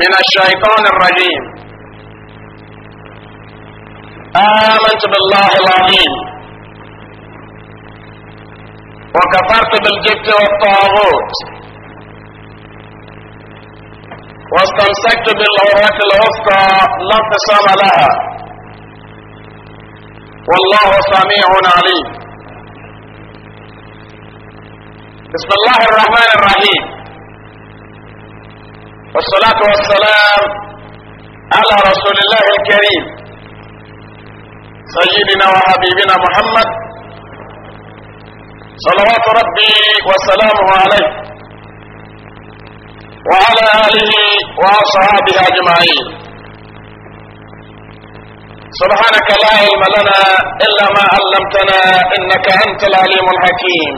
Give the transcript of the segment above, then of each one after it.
من الشيطان الرجيم آمنت بالله العظيم وكفرت بالجبت والطاغوت واستمسكت بالعروة الوسطى لا انفصام لها والله سميع عليم بسم الله الرحمن الرحيم والصلاة والسلام على رسول الله الكريم سيدنا وحبيبنا محمد صلوات ربي وسلامه عليه وعلى آله وأصحابه أجمعين سبحانك لا علم لنا إلا ما علمتنا إنك أنت العليم الحكيم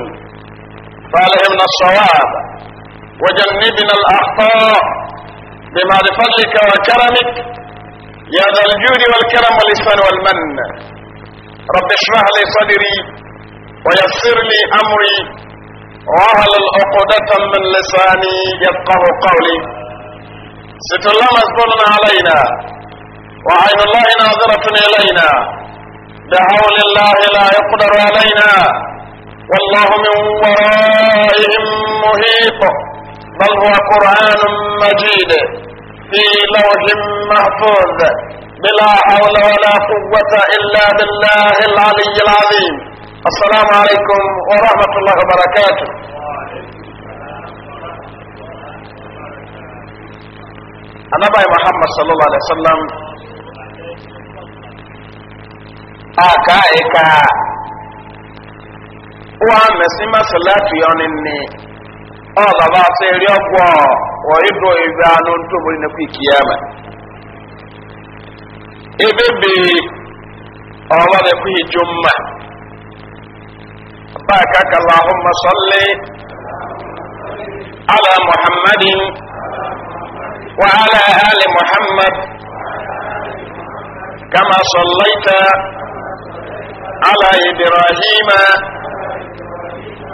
فألهمنا الصواب وجنبنا الأخطاء بما لفضلك وكرمك يا ذا الجود والكرم والإحسان والمن رب اشرح لي صدري ويسر لي أمري واهل العقدة من لساني يفقه قولي ستر الله مسبول علينا وعين الله ناظرة إلينا بحول الله لا يقدر علينا والله من ورائهم محيط بل هو قرآن مجيد في لوح محفوظ بلا حول ولا قوة إلا بالله العلي العظيم السلام عليكم ورحمة الله وبركاته النبي محمد صلى الله عليه وسلم أكا إكا وأمسي صلاة يونني ọ baba sịrị ọgwụ ọ ịdụ ebe anụ ntụmori na kwiki ya ma ebe be ọwa na kwiki jumma baka ka allahumma salli ala muhammadin wa ala ali muhammad kama sallaita ala ibrahima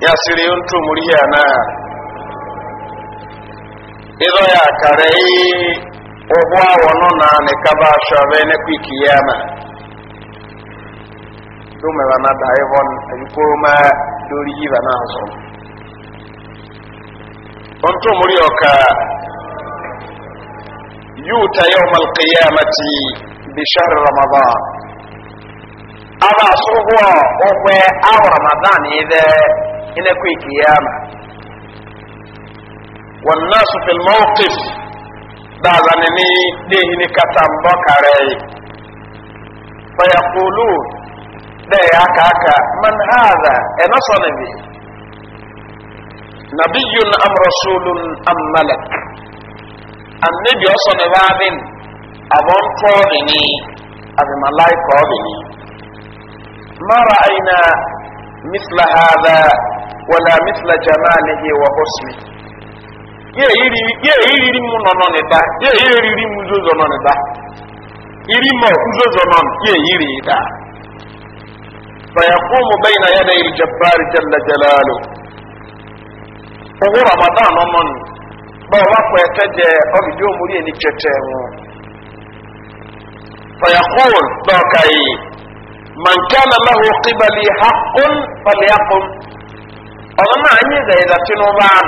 ya siri yon tu muri ya na ido ya kare yi ogwa wono na ne kaba shabe ne ku kiyama dume bana da yon ko ma dori yi bana so on tu muri yuta yawm alqiyamati bi shahr ramadan aba sugo ogwe aw ramadan ide ina kwe kiyama والناس في الموقف دازنني ديه نكتم بكري فيقولون ده يا كاكا من هذا انا صنبي نبي ام رسول ام ملك النبي اصلا بابن ابون فورني ابي ملايك ما رأينا مثل هذا ولا مثل جماله وحسنه yeyiriri mu nọ n'ọnịda yeyiriri mu nzozo n'ọnịda iri mọ nzozo nọ yeyiri da fayakumu bayna yadayi jabbaari jalla jalaalu owó ramadan ọmọ ni báwo bá pẹ kẹjẹ ọbìdí òmùrí ẹni kẹtẹ wọn fayakun dọkà yìí man kana lahu qibali haqqun falyakun ọ̀nà náà nyé dẹ̀ ẹ̀dá tí wọ́n bá ń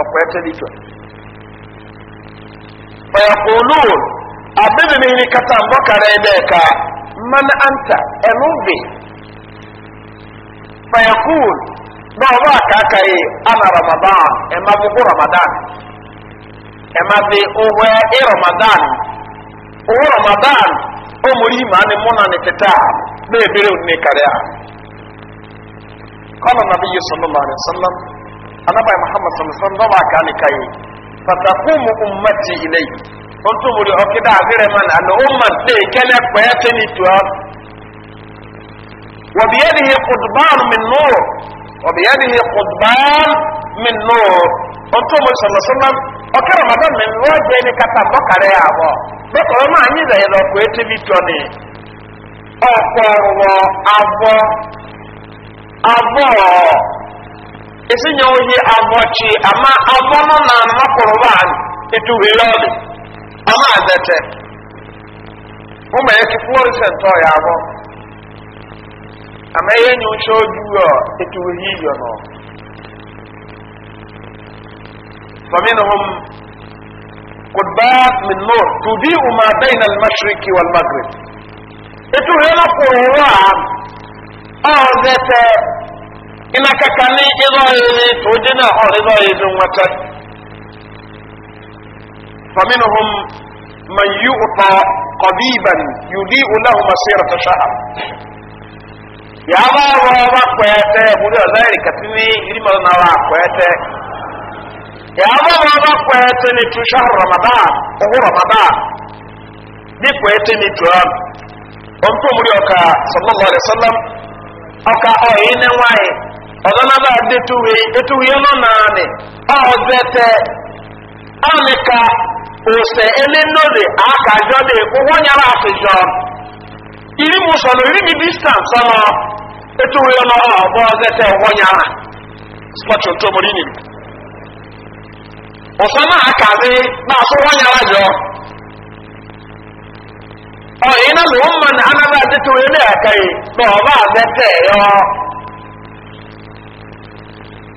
ọ̀pọ̀ ẹ̀tẹ́ olu ìtura. ọ̀yàkùnú kata mmanụ anta ẹnu bì. ọ̀yàkùn ọba àkàkà ana ramadan ẹ̀ má ramadan ẹ̀ má bi ramadan òwe ramadan قال النبي صلى الله عليه وسلم أنا بأي محمد صلى الله عليه وسلم ضبع كان كي فتقوم أمتي إليه قلت لي أكيد غير من أن أمتي كان يكفيتني تواب وبيده قضبان من نور وبيده قضبان من نور قلت لي صلى الله عليه وسلم ọkẹ́ ọ̀mọ̀dọ́ mi wọ́n jẹ́ ní kata bọ́kàrẹ́ àbọ̀ bẹ́ẹ̀ ọmọ anyi lẹ́yìn lọ́kọ̀ ètò ibi tọ́ ni ọ̀pọ̀ ọ̀rọ̀ àbọ̀ abọ esi nye oyi abọchi ama abọ no na makoroba etu hilọdi ama adete ụmụ ya kipu ọrịsị ntọ ya abọ ama ihe nye oche oju ọ etu oyi yọ nọ فمنهم قبات من نور تضيء ما بين المشرق والمغرب اتو هنا قرآن ọ̀zẹ̀tẹ̀ ìnàkàkà ní ìlọ ìrìn tó dínà ọ̀rẹ́lọ ìlú wọ́tẹ́ fàmínàhùn man yí ọ̀tọ̀ kọ̀díban yùdí ọ̀láhùn masíra ta ṣáà ya á máa rọ ọba pẹ̀ẹ́tẹ́ ìbúdó ọ̀lẹ́rìn kàtí ní iri mara wà pẹ̀ẹ́tẹ́ yà á Ya rọ ọba pẹ̀ẹ́tẹ́ ní tu ṣáà ramadan ọ̀hún ramadan ní pẹ̀ẹ́tẹ́ ní tu ọka ọyị ne nwanyị ọzọ naba adetuwe etuwe nọ naanị ọzete ọnịka ose elenore aka ajọ dị ụgwọ nyara afịjọ iri m sọ n'ori gị distans ọnọ etuwe nọ ọbọ ọzete ụgwọ nyara spọtụ ntụ mụrụ ịnị ụsọ na-akazi na-asụ ụgwọ nyara jọọ ọ̀yìn náà lòun mọ̀ ní anábà títí orí ilé ẹ̀ka yìí lọ ọba àbẹ́tẹ̀ yọ.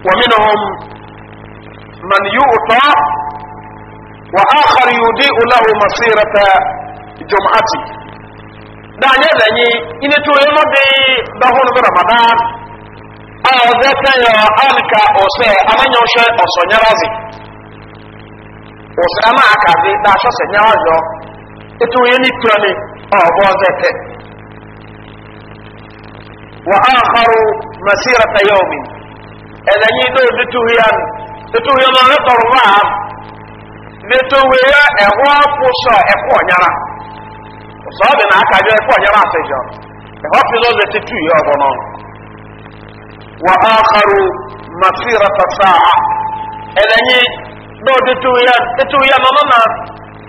wọ́n mi nìhun man yú utọ́ wà á kọ́rọ̀ yóò dé ọláhùn masírata jọmọ́tì. dáadé lẹ́yìn ilé tó yẹ mọ́ bí dọ́hún bí ramadan ọ̀ọ́dẹ́tẹ̀ yọ alika ọ̀sẹ̀ amányọ́sẹ̀ ọ̀sọ̀nyẹ́rọ́sì ọ̀sẹ̀ amáàkàdé dáṣọ́sẹ̀ nyẹ́rọ́sì yọ ètò yẹ ní tọ́ni. أعبوزته وآخر مسيرة يوم ألا يدو نتوهيان نتوهيان نطر معهم نتوهيا أهوا فوسا أقوى نرى وصابنا أكاجا أهوا نرى سيجا أهوا فلوزة تتوهي أبنان وآخر مسيرة ساعة ألا يدو نتوهيان نتوهيان نطر معهم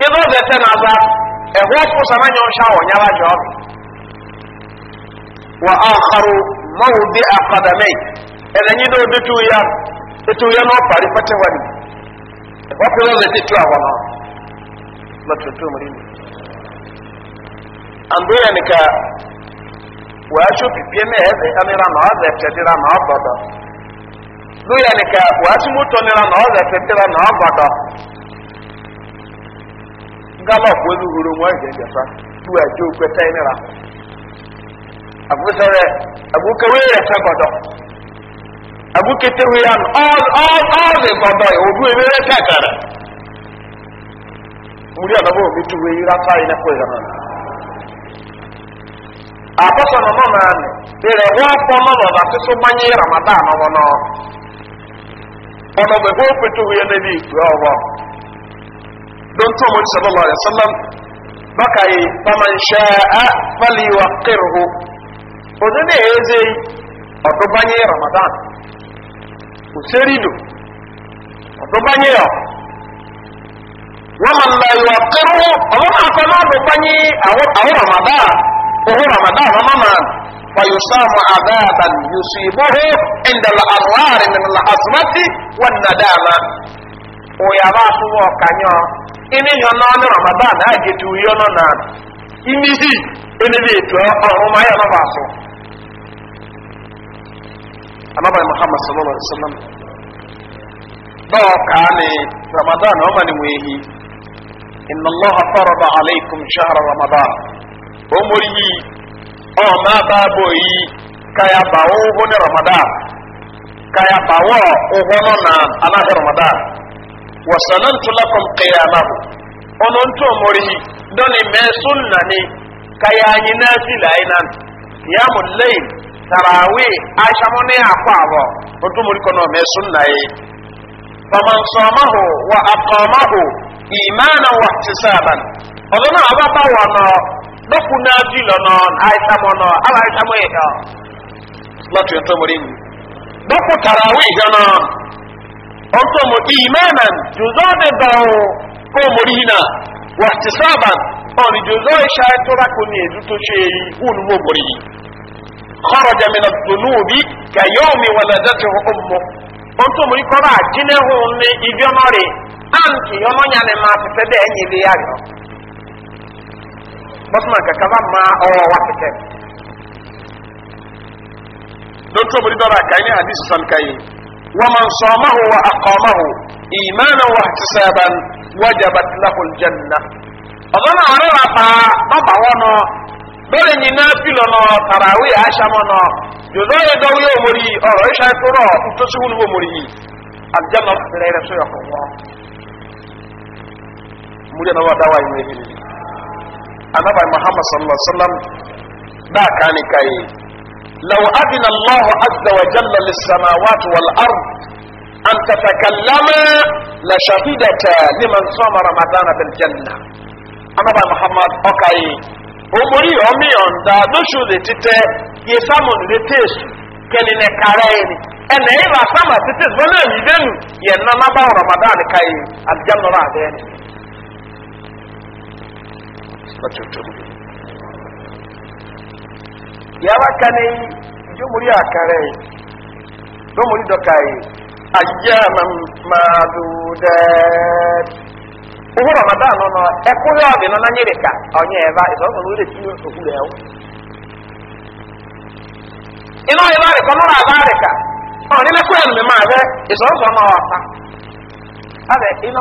إذا ذاتنا ذات ɛhɔ fo sama nyɛ ɔhyɛ a ɔnyala dwɔ wa akharu mawu bi akadamai ɛna nyi dɛ ɔde tuya ɛtuya na ɔpare pɛtɛ wa ni ɔpɛ wɔ lɛde tu awɔ no matutu mu rini ando yɛ nika wɔahyɛ pipie na ɛyɛ ɛnira na ɔdɛ ɛtɛdira na ɔbɔdɔ do yɛ nika wɔahyɛ motɔ nira na ɔdɛ ɛtɛdira na ɔbɔdɔ gallop wani huru mu wani jasa duwa ji okwe ta yi nira abusare abuka wani ya ta gbado abuka ta wuya all all all the gbado ya odu ebe ne ta kara muri adabo omi tu wei rata yi na kwa ya nana abasa na mama ani dere wọn fọ mama na soso manye ramadan wọn nọ ọnà bẹbẹ o pẹtù wei na ebi ìgbé ọwọ don tó mọ̀ sallallahu alaihi wasallam baka yi faman sha'a fali wa qirhu odu ne eze odu banye ramadan userido odu banye yo waman la yi wa qirhu ọmọ ma kọ náà do banye àwọn ramadan ohun ramadan ọmọ ma فيصام عذابا يصيبه عند الأضرار من الأزمة والندامة ويا باسو وكانيو ini yono ne ramadan a ke tu yono na ini hi ini le to ọrụ ma ya nọba so anaba muhammad sallallahu alaihi wasallam dọka ne ramadan ọ ma ni mu ehi inna allah farada alaikum shahr ramadan o mori yi oh, ọ ma ba bo yi kaya ba wo ne ramadan kaya ba wo o oh, hono na anahe ramadan wasanantu lakum qiyamahu ono nto morihi doni me sunna ni kayanyi na sila inan qiyamul layl tarawe ashamone akwawo nto mori kono me sunna yi faman samahu wa aqamahu imanan wa ihtisaban olona ababa wano dokuna jilo non aishamono ala aishamo eho lati nto mori doku tarawe ganon ọtọmọ imanan jùzọ́ọ̀dẹ dọ̀rọ̀ kó mori yìí náà wà ti sábà ọ̀nì jùzọ́ ìṣá ìtura kò ní èdú tó ṣe èyí kúlù mọ́ mori yìí. kọ́rọ̀ jẹ́mìnà dùnúbi kàyọ́ọ̀mì wàlẹ́dẹ́ ti hàn ọmọ ọtọmọ yìí kọ́ra àjínẹ́hùn ní ibi ọmọ rẹ̀ àǹtí ọmọ yẹn ni máa fẹ́fẹ́ dẹ́ ẹ̀yìn ilé yá yọ. bọ́sùmọ̀ bá máa ọwọ́ wa fẹ́fẹ́. dókítà ومن صامه وأقامه إيمانا واحتسابا وجبت له الجنة أظن أرى أبا وانا bẹ́ẹ̀ ni náfìlọ̀ náà tàràwé àṣàmọ́ náà yòzọ́ yẹ dọ́wọ́ yóò mórí ọ̀rọ̀ iṣẹ́ ìtòrọ̀ ntòsí wúlò wò mórí yìí àjẹmọ́ fẹ̀rẹ̀ rẹ̀ sọ̀yọ̀ kọ̀ wọ́n. múlẹ̀ náà wà dáwà yìí wẹ́ẹ́ yìí anábàá muhammad sallallahu alayhi wa sallam dáa kánìkà yìí لو أذن الله عز وجل للسماوات والأرض أن تتكلم لشهدتا لمن صام رمضان بالجنة أنا بقى محمد أوكاي أمري أمي أن دادوشو دي تتي يسامون دي تيس كني نكاريني أنا إذا سامة تتيس بنا يدن يننا بقى رمضان كي الجنة رعدين yabakane ibyo muri akare no muri dokaye ayyaman madudat ubu ramadan no ekuyo abino na nyereka onye eba isozo nuri tiyo okure awo ino eba re kono ra bareka oni me kuya me mabe isozo ma wata abe ya jina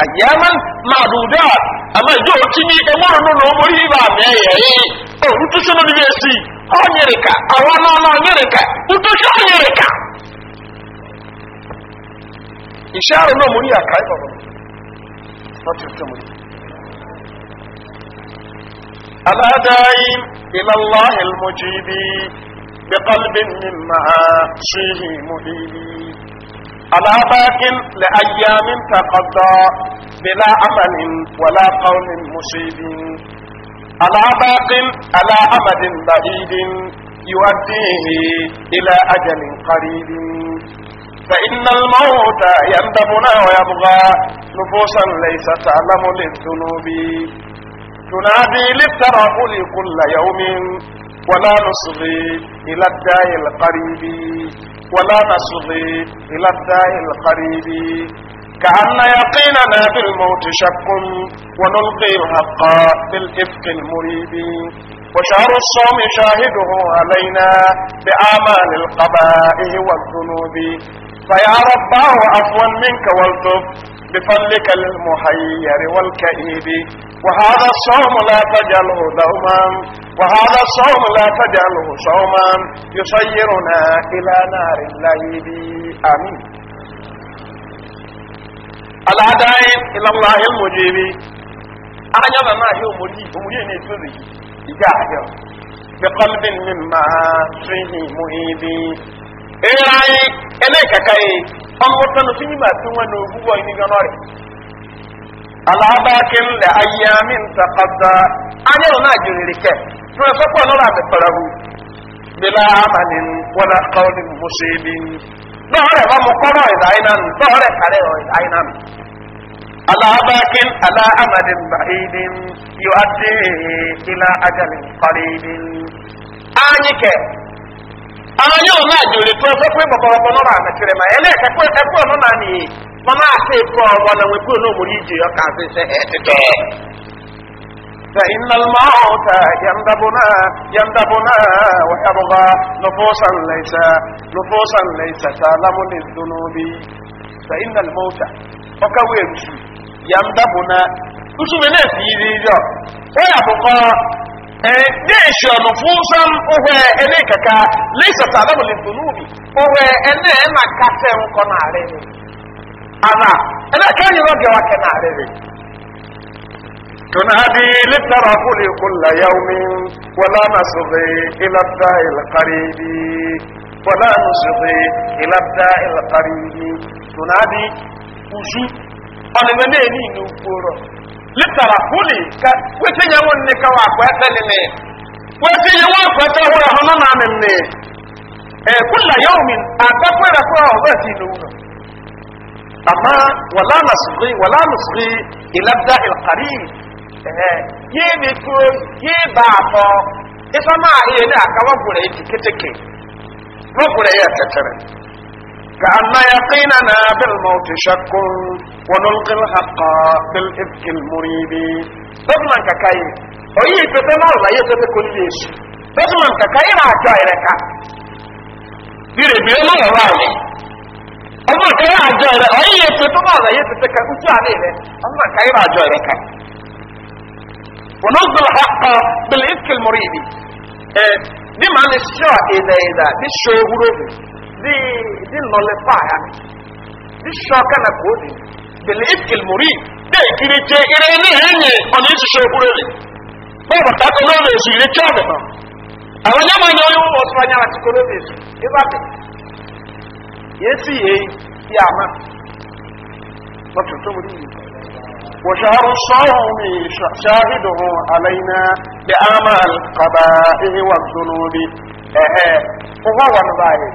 ayyaman ma'dudat amma jo tini e moro no no mori ba me ye o utu so no be si o nyereka awa no no nyereka utu so nyereka isharu no mori akai ba ba to to mori ala da'im ila allah al mujibi بقلب من معاشيه مديني على باق لأيام تقضى بلا عمل ولا قول مصيب على باق على أمد بعيد يؤديه إلى أجل قريب فإن الموت يندبنا ويبغى نفوسا ليس تعلم للذنوب تنادي للترهل كل يوم ولا نصغي إلى الداء القريب ولا نصغي إلى الداء القريب كأن يقيننا بالموت شك ونلقي الحق بالإفك المريب وشهر الصوم شاهده علينا بآمال القبائل والذنوب فيا رباه عفوا منك والطف بفضلك المحير والكئيب وهذا الصوم لا تجعله دوما وهذا الصوم لا تجعله صوما يصيرنا إلى نار الليل آمين العداء إلى الله المجيب أنا ما هي مجيب مجيب نتوذي بقلب مما فيه مهيبي ìrànyìn ẹlẹ́kẹ̀kẹ́ yìí ọmọ tọ́nu tí yìí máa fi wọn ní ògúnbọ̀ yìí nígbà náà rẹ̀. alábàákí ńlẹ̀ ayé mi ń takàdá ayé òun náà jòrè rẹ̀ kẹ́ tí wọ́n sọ́kọ̀ lọ́la mi pẹ̀lú bílá àmàlì wọlé kọ́ọ̀lì mùsùlùmí. lọ́ọ̀rẹ̀ bá mo kọ́rọ̀ ìdáyìnà nù lọ́ọ̀rẹ̀ kàrẹ́ ìdáyìnà nù. alábàákí alá àmàlì bàhídì yóò á dé ilá àjàlè kọ́lì ọ̀rọ̀ yóò náà jòlè tó ẹgbẹ́ pé bọ̀bọ̀ ọ̀bọ̀ náà àmẹ́tẹ̀rẹ̀ máa ẹlẹ́ẹ̀kẹ́ pé ẹkú ọ̀nà náà ni wọ́n máa ṣe ìfọ̀ ọ̀wọ́ náà wípé òun ìjì ọkà àti iṣẹ́ ẹ̀ ti tẹ̀. فإن الموت يندبنا يندبنا ويبغى نفوسا ليس نفوسا ليس سالم للذنوب فإن الموت وكويمشي يندبنا وشو بنات يدي ويبغى ديش نفوسا هو إليك كا ليس تعلم للذنوب هو أنا أنا كاتم كنا عليه أنا أنا كان يرجع وكنا عليه تنادي للترافل كل يوم ولا نصغي إلى الداء القريب ولا نصغي إلى الداء القريب تنادي وجود أنا منين نقول litara kuli ka wete nye won ne kawa ko atani ne wete nye won ko ta ho hono na men ne e kullu yawmin atakwera ko ho zati nuno amma wala nasqi wala nasqi ila da'i al-qarib eh ye be ko ye ba ko ifa ma ye da kawa gure ki keteke ko gure ya tattare كأن يقيننا بالموت شك ونلقي الحق بالإفك المريب تضمن كاي أي تتنا الله يتت كل شيء تضمن كاي را جايرك ديري بيما وراي أما كاي را جايرك أي تتنا ولا يتت كاي وش عليه أما كاي را جايرك ونلقي الحق بالإفك المريب إيه دي معنى الشعب إذا إذا دي الشعب دي دي النولفا يعني دي الشاكة نقول بالإفك المريب ده كده جاء إليني هني من يجي شاكوري لي هو بتاعت نولي يجي لي كامل ما نما نولي هو أصلا نعم تقولي لي إذا بي يسي هي يا ما ما تقولي وشهر الصوم شاهده علينا بأعمال القبائل والذنوب. إيه هو نبايع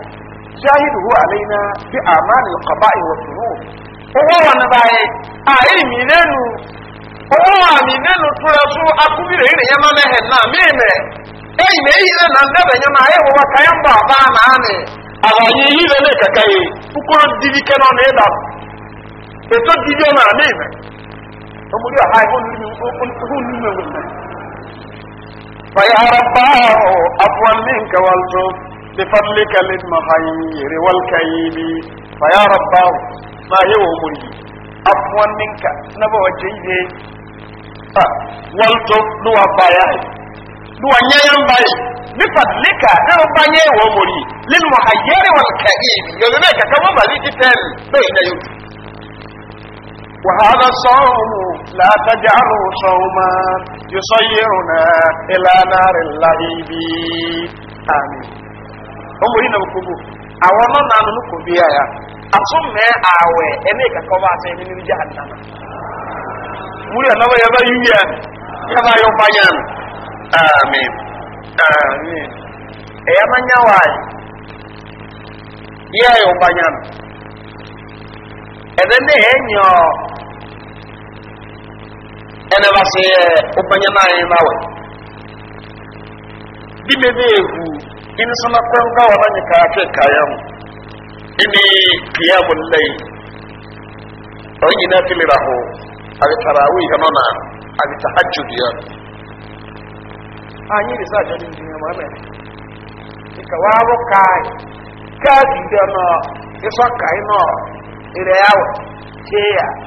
شاهده علينا بأعمال القضاء والذنوب owó wọn báyìí àyè mi lẹ́nu owó wọn mi lẹ́nu tura fún akúbìrì rẹ̀ yẹn máa mẹ́hẹ̀ náà míì mẹ́ ẹ̀yìn mẹ́ yìí lẹ́nu àdẹ́bẹ̀ yẹn máa yẹ wọ́wọ́ káyọ̀ ń bọ̀ bá a náà ni àlàyé yìí lẹ́nu kẹ̀kẹ́ yìí kúkúrú dídí kẹ́nà ní ìdá ètò dídí ọ̀nà míì mẹ́ ọmọdé àhá ìhó ní mi ìhó ní mi wò sẹ́yìn. fàyà àràbà àfọwọ́n mi nkẹ́wàá tó. بفضلك للمخير والكيل فيا رباه ما هو مني عفوا منك نبو وجهي آه، والتو نوى بايعي نوى نيام باي بفضلك نوى بايعي ومري للمخير والكيل يذنك كما بلي تل بين يوم وهذا الصوم لا تجعله صوما يصيرنا إلى نار اللهيب آمين ọmọ yìí na mo kogo àwọn ọmọ nanu no kò bi ya ato mẹ awẹ kaka ọba ase ẹni níbi gya nana wúlò ẹnabẹ yẹ bá yíwí ẹ yẹ bá yọ fanya no ami ami ẹyẹ bá nya wáyé yẹ yọ fanya no ẹdẹ ní ẹ nyọ ẹnẹ bá se ẹ ọfanya náà yẹ náwẹ bí bẹbẹ ehu in suna kwanga wani kafin kayan ini kiyamun lai ɗan ina filiraho a tarawi ya nuna a ta hajji biyar an yi da sa jadin duniya ma mai ika wawo kai kaji da na isa kai na ire yawo ce ya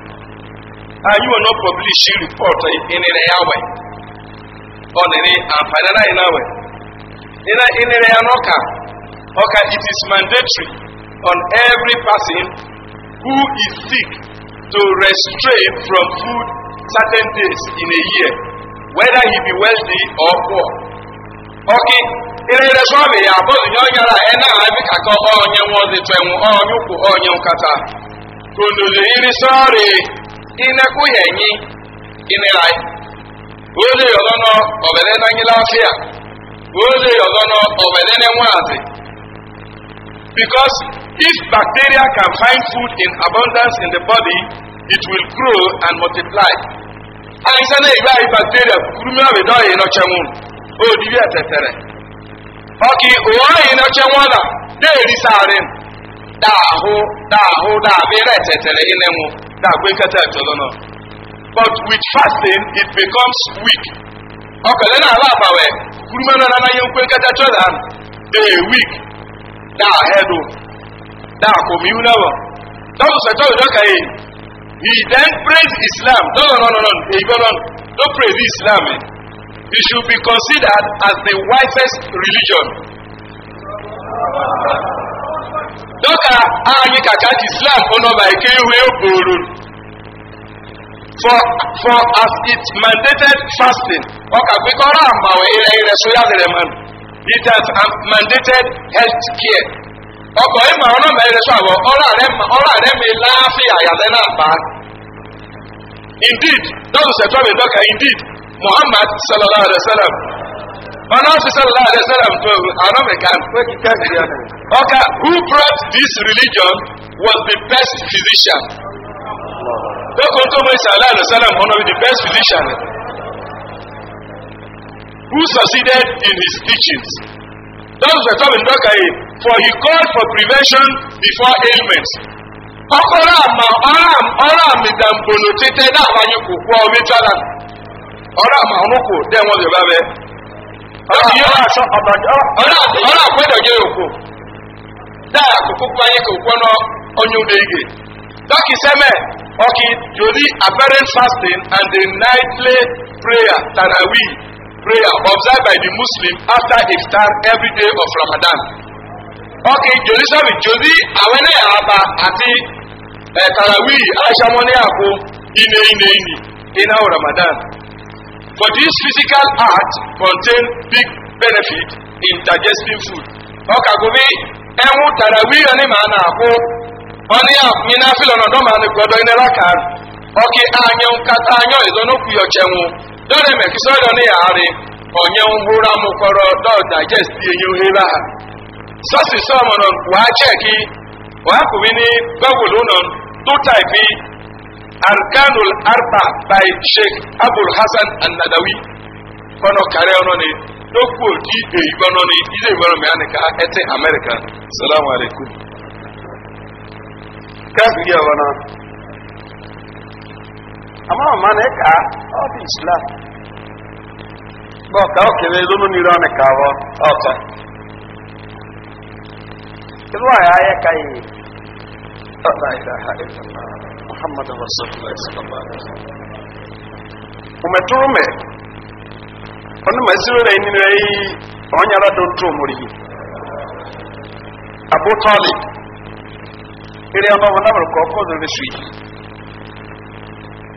and ah, you will not publish a report in an hour on any and in hour in a in an anoka okay it is mandatory on every person who is sick to restrain from food certain days in a year whether he be wealthy or poor okay ìrẹ̀lẹ̀ sọ́ọ̀bì àbọ̀dù yọ̀ yàrá ẹ̀ náà àbí kàkọ́ ọ̀ọ́nyẹ̀wọ̀n ọ̀dẹ̀tọ̀ ẹ̀wọ̀n ọ̀ọ́nyẹ̀wò ọ̀ọ́nyẹ̀wò kàtà kòndòlè irisọ́ọ̀rì ina ko yɛ nyi ina ra yi wóde yɔlɔ nɔ ɔbɛlɛ nanyi lafiya wóde yɔlɔ nɔ ɔbɛlɛ nɛŋwazi because if bacteria can find food in abundance in the body it will grow and multiply àyìnsá náà ìgbà yìí bacteria kúrú mi àbẹ̀dọ́ yìí nọ kyẹn wọn ó di bí ẹ̀tẹ̀tẹ̀rẹ̀ ọkì òwò yìí nọ kyẹn wọn là déèrí sáré dààhó dààhó dààbí rẹ̀ tẹ̀tẹ̀rẹ̀ yìí that way kẹta ẹtọlọ náà but with fasting it becomes weak ọkọlẹ náà bá àbàwẹ kúrúmọ náà náà yẹn ń pé kẹta ẹtọ dàn dé e weak dáa hẹdo dáa kò mí wúlẹ wọ dọ́kù sẹ̀tọ́ ìdọ́kà yìí he then praise islam no no no no no èyí bọ́ náà praise islam eh. it should be considered as the wisest religion dɔka a anyi kaka ti islam ɔnɔba eke ihu egboro for for as it mandated fasting ɔka gbe kɔrɔ amawo ire ire so ya lere it has um, mandated health care ɔkɔ ima ɔnɔba ire so awɔ ɔrɔ arɛ ma ɔrɔ arɛ mi laafi ayalɛ na ba indeed dɔkita sɛ tɔmi dɔka indeed muhammad sallallahu alaihi wa sallam ọlọ́sísẹ́ lọ́lẹ́sẹ́lẹ̀ tó anọ́mìká ọkà who brought this religion was the best physician tókùn tó mọ̀ ìsàlẹ̀ àlọ́sẹ́lẹ̀ one of the best physician who succeeded in his teachings those were some in dọ́kàyè for he called for prevention before ailment ọkọ̀rọ̀ àmà ọ̀rọ̀ àmì dàmbòlò títẹ́ dáhùn ayé kò kú ọmọ ìtura ọ̀rọ̀ àmà ọ̀nùkù dẹ́wọ̀n yorùbá bẹ́ẹ̀ ọtí yóò wá sọ ọ̀dọ̀jọ́. ọ̀nà àpẹ́dọ̀jọ́ òkú dáa kókó kó ayé kó kó náà ọ̀nyọ́ n'ege. dọ́kì sẹ́mẹ̀ ọ̀kì jòlí apparent fasting and the nightly prayer tanawi prayer observed by the muslim after iftar every day of ramadan. ọ̀kì jòlí sẹ́mi jòlí àwọn ẹ̀yà àbá àti tanawi aṣamọ́ni àkó ine ine ini iná ramadan. But this physical act contain big benefit in digesting food. Ọkà gobe ẹ̀hún tàràwí ẹni màá nà àkó ọní àmì náà fi lọ́nà ọ̀dọ́mà ni gbọ́dọ̀ iná láka ọkì àyẹ̀wò kata àyẹ̀wò ìdọ́nùkú yọ̀chẹ̀wò lórí mẹ̀kí sọ́yọ̀ ní àárín ọ̀yẹ̀wò húra mu kọ́rọ̀ dọ́ digest eyín òhèrà. Sọ́sì sọ́ọ̀mù náà wàá chẹ́ẹ̀kì wàá kùmí ní gbọ́gùlù náà tó tàìpì arkanul arba by sheikh abul hasan anadawi kɔnɔ kare ɔnɔ ni dɔkpo di eyi kɔnɔ ni ile ìwɔrɔ mi ani ka ɛte america salamu alaykum. káfí yẹ wọn náà àmọ́ ọ̀ma ni ẹ̀ka ọ̀dì islam bọ́ọ̀ ká ọ̀kẹ́lẹ́ lónú ni irọ́ ni ká wọ́ ọ̀tọ̀ irú àyà ayẹ́ka yìí ọ̀tọ̀ ìdáhà ìdáhà. محمد رسول الله صلى الله عليه وسلم umetume ono masirore nyinire yi onyara do ntumuri abu talib ire ono wona bro ko ko do su yi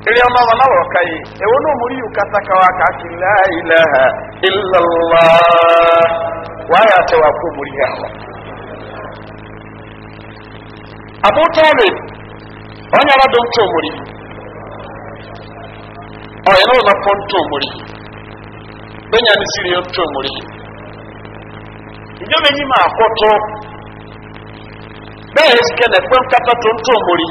ire ono wona bro kai e wono muri ukata kawa ka la ilaha illa allah wa ya tawakkul muri hawa abu onye ara dị ntụ omori onye na ụlọ ntụ omori benya ni siri ntụ omori njọ menyi ma akwọtọ bẹẹ esike na ekwe nkata tó ntụ omori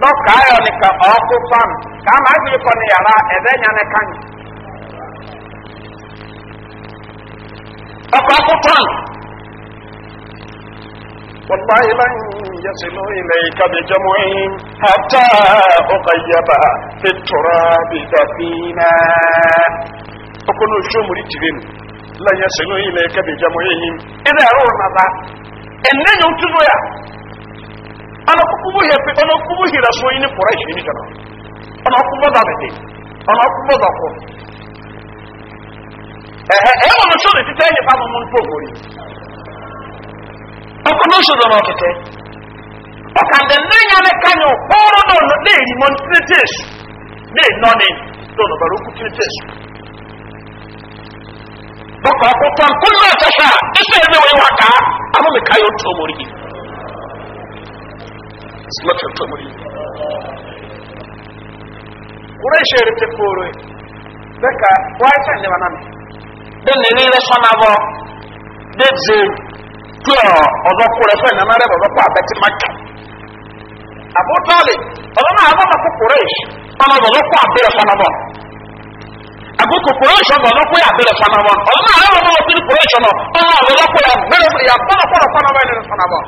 dọka ayọ ka ọkụ fan ka ama kọ na yara ebe nya na kanyị ọkụ والله لن يصلوا إليك بجمعهم حتى أغيب في التراب دفينا أكون شوم رجلين لن يصلوا إليك بجمعهم إذا أروا ماذا إنني يمتلوا أنا كبوه أنا كبوه رسولين قريش نجنا أنا كبوه ذاتي أنا كبوه ذاتي أه أه أه أه أه أه أه أه أه ọkọ náà ṣòro ọmọ kẹkẹ ọkà ndẹ nẹyìn alẹ kanyọ kọọrọ náà lọ lé èyí mọ nítorí tẹsù lé nọni lọnà bàrà ókú tiri tẹsù. bọkọ ọkọ pọn kó lọ ṣẹṣẹ a ẹsẹ ẹgbẹ wọn wà ká àwọn mi káyọ tó mọ yìí sílọtọ tó mọ yìí. kúrẹ́ ìṣe rẹ̀ ti kúrò ẹ̀ bẹ́ẹ̀ ká wáyé sẹ́yìn ní wọn náà mi. bẹ́ẹ̀ ni ilé sọ́nà bọ́ dé zéèrè tí ọ̀zọ́kú rẹ̀ fẹ́ nana rẹ̀ ọ̀zọ́kú abẹ́tí maka abotali ọ̀zọ́nà abọ́nàkú kùrẹ́ṣ ọ̀nà ọ̀zọ́kú abẹ́rẹ́ fanabọ́n agogo kùrẹ́ṣ ọ̀nà ọ̀zọ́kú yà abẹ́rẹ́ fanabọ́n ọ̀zọ́nà àrẹ́wọ̀n náà ti kùrẹ́ṣ ọ̀nà ọ̀nà ọ̀zọ́kú yà abẹ́rẹ́ fanabọ́n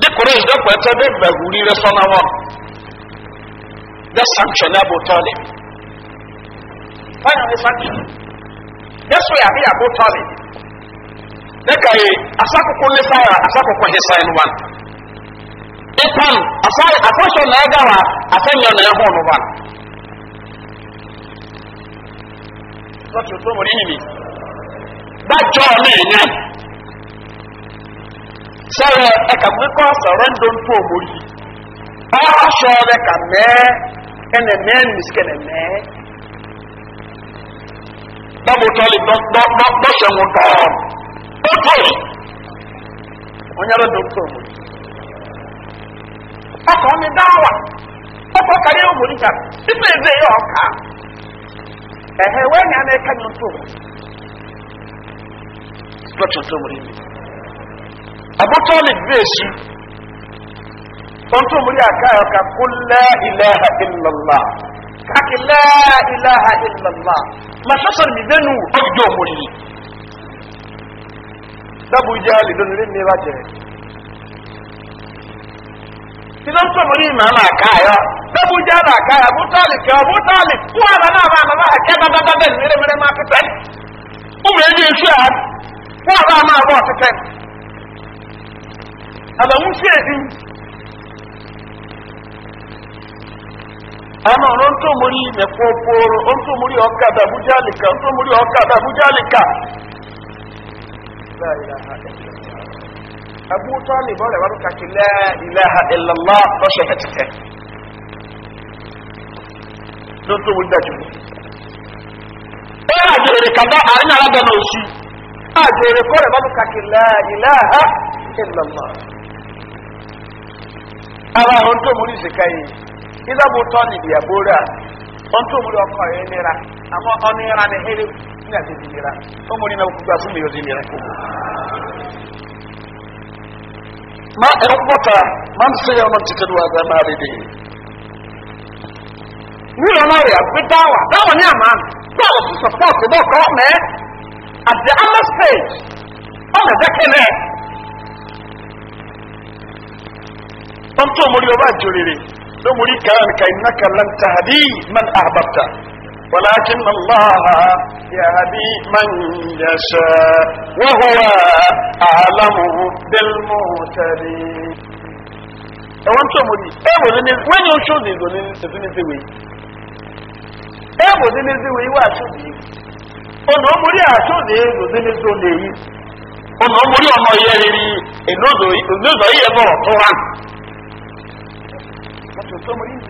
de kùrẹ́ṣ dọ́kọ̀ ẹ̀tẹ́ dé bẹ̀rù rírẹ́ fanabọ́n dẹ́ sanction abotali fáyọ̀ ní sanction yẹ́sọ̀ yà bí abotali dekaye asakoko nisaya asakoko hisaya no wan e ipan asai afasho na ega wa afenyo na eho no wan lọ́tù tó mọ̀ nínú mi dájọ́ mẹ́ẹ̀yàn sẹ́rẹ̀ ẹ̀kà mẹ́kọ́ sọ̀rọ̀ ń dọ́n tó mọ̀ yìí ọ́ṣọ́ rẹ̀ kà mẹ́ ẹnẹ̀ mẹ́ẹ̀ nìṣkẹ̀lẹ̀ mẹ́ bọ́bù tọ́lì dọ́ṣẹ̀wọ̀n tọ́ọ̀mù okenye onye ọrụ dọkịta obodo ọkọ ọmị dawa ọkọ karịa obodo ka ife eze ya ọka ehe wee nya na ịka nyụntụ dọkịta obodo ibe abụta ọlị bụ esi ọtụ obodo aka ya ka kulle ilaha illallah kaki la ilaha illallah ma sọsọ ni benu ọjọ obodo dábò jáàlì lónìí lé mi bàjẹ́ sílẹ̀ tó mú ní màmá àkáyọ dábò jáàlì àkáyọ bótáàlì kẹ ọ bótáàlì kú àbá náà bá àbá àkẹ́ bábábá bẹ́ẹ̀ ní ẹlẹ́mẹ́rẹ́ máa fi tẹ́lẹ̀ fúnmi ẹni èṣù ẹ̀ kú àbá máa bọ̀ ti tẹ́lẹ̀ àbẹ̀wò sí èdè ama ọ̀nà ń tó mórí ẹ̀fọ́ pòórò ó ń tó mórí ọ̀kadà bújálìkà ó ọ̀kadà bújálìkà لا إله إلا الله أبو طالب ولا بركة لا إله إلا الله وشهدتك نطلب الدجل أجل لكذا أرنا لدى نوشي أجل لكل بركة لا إله إلا الله ara àwọn tó mú ní ìsìnká yìí ìdábò tọ́ nìdí àbúrò à wọn tó mú ní ọkọ̀ yìí nira àmọ́ ọ nira ní hẹ́rẹ́ ni a ti di mira o mo ni na kutu asu mi o di mira kuku. ma ɛn kɔta ma n se yɛn ma ti kiri wa bɛ ma de de ye. wúlò náà yà gbé dáwà dáwà ní àmà dáwà tó sọpọ́ọ̀tì bọ́ kọ́ mẹ́ at the other stage ọ̀nà dẹ́kẹ́ náà. tó mo ọba àjòrèrè ló mo kàrán kàìnàkà lantahadi man ahbabta. ولكن الله يهدي من يشاء وهو أعلم بالمهتدين ẹwọn tí o mọ di ẹ wò ní wọn yóò ṣó di ìdòní ìdúníṣẹwé ẹ wò ní ìdúníṣẹwé wà ṣó di ọ̀nà ọmọdé àṣó di ìdòníṣẹwé lèyí ọ̀nà ọmọdé ọmọ yẹ rírí ìdòdò ìyẹ bọ̀ tó wà. wọ́n ti tó mọ yìí.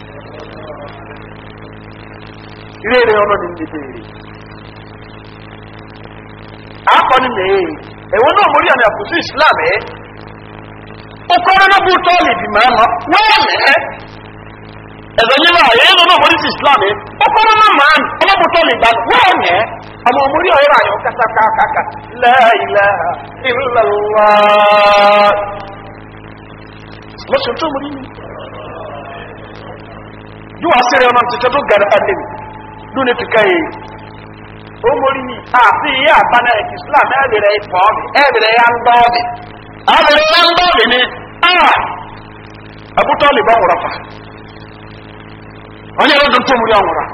rere ọlọ́ni ń dìde rè akọni mee èwo náà mo rí àná àkùsù islam ẹ okòrò náà bú tọ́ọ̀lì bì máa ma wẹ́ẹ̀lẹ́ ẹ̀dọ̀ yín náà èyí náà mo rí sí islam ẹ okòrò náà máa ń ọlọ́bù tọ́ọ̀lì gbà wẹ́ẹ̀lẹ́ àmọ́ mo rí ọ̀rọ̀ àyọ̀ kàkàkàkà láìlà ìlàlá lọ́sọ̀tún mo rí mi yóò wá sí ẹ̀rọ náà tètè tó gàdá pàdé mi dúni ti kẹyì ó mórí ni àti iye àbáná ẹ̀kì islam ẹ̀rẹ̀ ìtọ́ ẹ̀rẹ̀ ya ń bọ́ ọ̀dì ẹ̀rẹ̀ ya ń bọ́ ọ̀dì ni ara àbútọ́ lè bá wùrọ̀ fà onye ló dùn tó mórí ọ̀wùrọ̀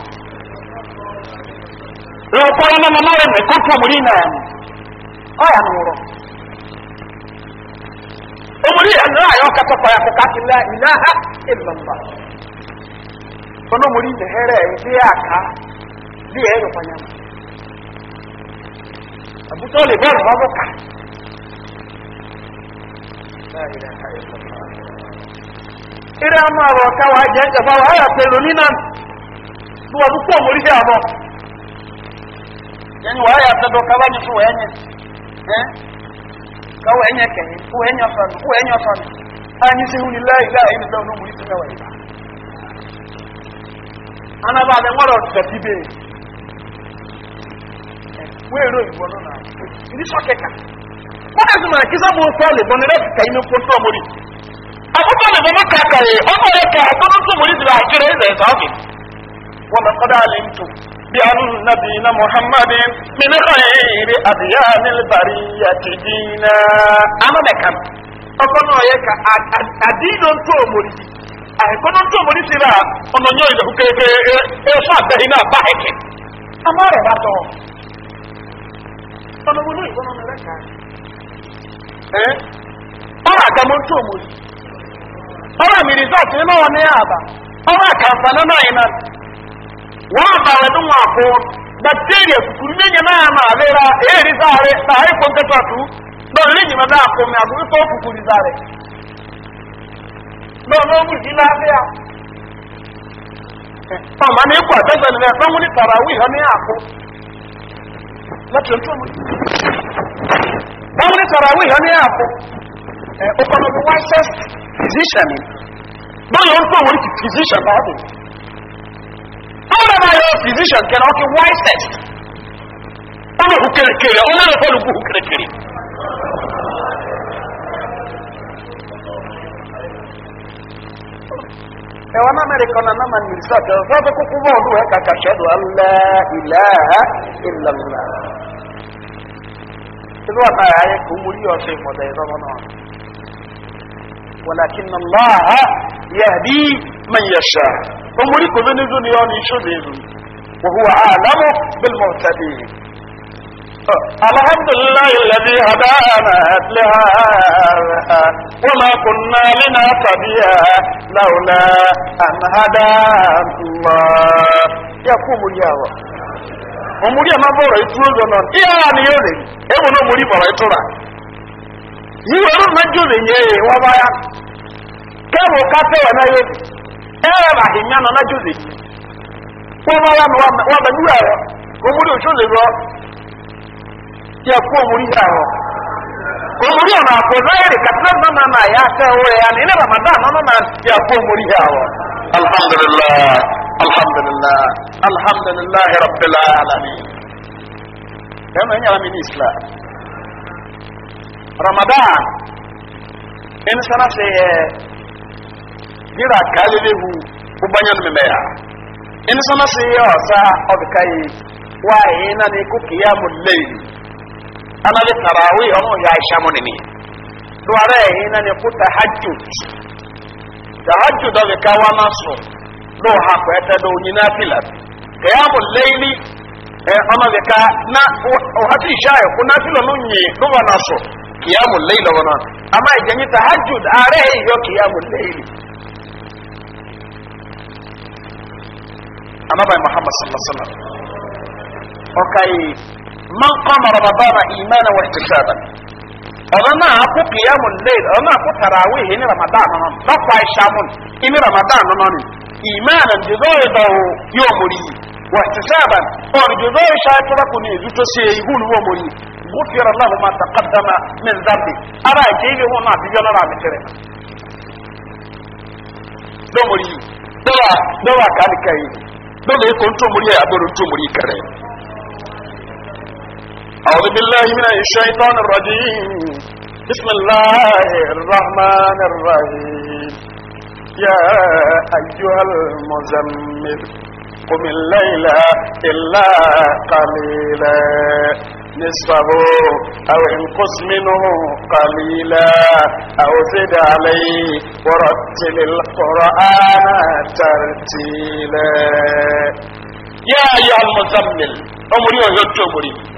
ìrọ̀pọ̀ iná mọ́mọ́ rẹ̀ mẹ́kọ́ tó mórí náà ni ọ̀yà ń wùrọ̀ ó mórí ẹ̀ náà yọ kẹtọ́ pọ̀ yà kọ́kọ́ ti lẹ́ ìlà ha ìlọ́mbà ọ̀nà mọ̀rí nìhẹ́rẹ́ ẹ̀dí àká bí ẹ̀ rẹ̀ pàyàn àbútọ́ lè bẹ́ẹ̀ rọ̀ bọ́kà ìrẹ́ àmọ́ àrọ̀ káwà jẹ́ ẹ̀fà wà áyà pẹ̀lú nínà tó wà púpọ̀ mọ̀rí sí àbọ̀ yẹn wà áyà pẹ̀lú káwà ní fún ẹ̀yẹ káwà ẹ̀yẹ kẹ̀yìn kó ẹ̀yẹ sọ̀nù kó ẹ̀yẹ sọ̀nù ana ba ne nwere ọtụtụ ibe wee ruo igbo nọ na ndị sọkịka wọ́n ẹ̀sùn máa kí sábà ọkọ̀ lè bọ́n lẹ́sì ebe ní kó tó mórí àkókò lè bọ́n ká kàyé ọkọ̀ rẹ̀ ká tó tó mórí ti bá àkéré ilẹ̀ ẹ̀sà ọ̀gẹ̀ wọ́n mọ̀ kọ́dá lè ń tò bí a nùn nàbí iná muhammad mímí kan ka adịghị àìkọ́nà tó mọ̀ nísìlá ọ̀nà yóò ìlú kéèké ẹ̀ṣọ́ àtẹ́yìn náà bá ẹ̀kẹ́ àmọ́ rẹ̀ bá tọ̀ ọ̀nà wọn lóyìnbó náà rẹ̀ kà ọ̀rọ̀ àgbàmọ́ tó mọ̀ sí ọ̀rọ̀ mi rìsọ́ọ̀tì nínú wọn ní àbá ọ̀rọ̀ àkàǹfà náà rẹ̀ wọn àpò náà máa èèrí sáré lọ́nà wùdí lábẹ́à ọmọ ní ikú àtẹ́gbẹ̀ nílẹ̀ fún wọn ní tàràwí hàn ní àkó láti ọjọ́ wọn ní tàràwí hàn ní àkó ọkọ̀nà bí wọ́n ṣe physician bọ́ọ̀lù ń pè wọ́n ti physician báàbò ọ̀rọ̀ bá yọ physician kẹrẹ ọkẹ wisest ọmọ òkèrèkèrè ọmọ òkèrèkèrè ẹwà náà mẹ́rin kan náà máa nìyí sọ́ọ̀tẹ̀ ọ̀sọ́ọ̀tẹ̀ kúkú mọ́ ọdún ẹ̀ka kàṣẹ́dù ọ̀lẹ́ ilẹ̀ ìlànà inú ọ̀nà ayé kò ń wúrí ọ̀sẹ̀ ìmọ̀dẹ̀ ìrọ̀mọ́ náà wàlákin náà yàdí mẹ́yẹ̀ṣà ó múrí kò lónìí dúnìyàn ní ìṣòdì ìlú wọ́n wà á lámọ́ bílmọ̀ tẹ̀lé الحمد لله الذي هدانا لهذا وما كنا لنهتدي لولا أن هدانا الله يقوم اليوم omuli amaboro etulozo non iyani yole ebo no muri boro etura yiwe ro majole nye wabaya kebo kate wana ye era bahinya no na juzi wabaya no wabanyura omuli ochuze go ya kuwa muriza ho ko muri ona ko zaire katna mama ma ya ta ho ya ne ramadan ona na ya kuwa muriza ho alhamdulillah alhamdulillah alhamdulillah rabbil alamin kama nyala min islam ramadan en sana se gira kalelehu ubanyan memeya en sana se yo sa obikai wa ina ni kukiyamu layl ana de tarawe ɔmo yɛ ahyɛmo ne ne doare ɛhe na ne ko tahajud tahajud ɔde ka wa na so do ha ko ɛtɛ do nyinaa fila kɛyamo leili ɛ ɔmo de ka na ɔhati hyɛ ko na fila no nyi do wa na so kɛyamo leili ɔmo na ama ɛgya nyi tahajud are ɛhe yɔ kɛyamo leili anabai muhammad sallallahu alaihi wa sallam ɔkae من قام رمضان إيمانا واحتسابا أنا أكو قيام الليل أنا أكو تراويه إن رمضان نفع الشامون إن رمضان نوني إيمانا جزوه يوم لي واحتسابا أو جزوه شاكرا كوني زوتو سيهون ومري غفر الله ما تقدم من ذنبي أرى جيبه ما في جنة رامترين دومري دوا دوا دوا يكون كنتو مريا أبرو تومري كريم أعوذ بالله من الشيطان الرجيم بسم الله الرحمن الرحيم يا أيها المزمل قم الليل إلا قليلا نصفه أو انقص منه قليلا أو زد عليه ورتل القرآن ترتيلا يا أيها المزمل أمري ويوتو أمري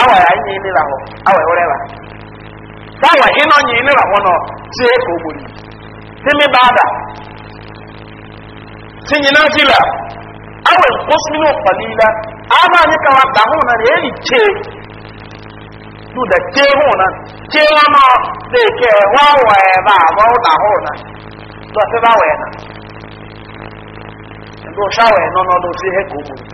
awa ya nyi ni lawo awa ore la sawa ino nyi ni lawo no ti e ko gbori ti mi bada ti nyi na fila awa kosminu qalila ama ni ka wa da hu na re ni che du da che hu na che wa ma de ke wa wa e ba wa da hu na do se ba wa na do sha wa no no do ti e ko gbori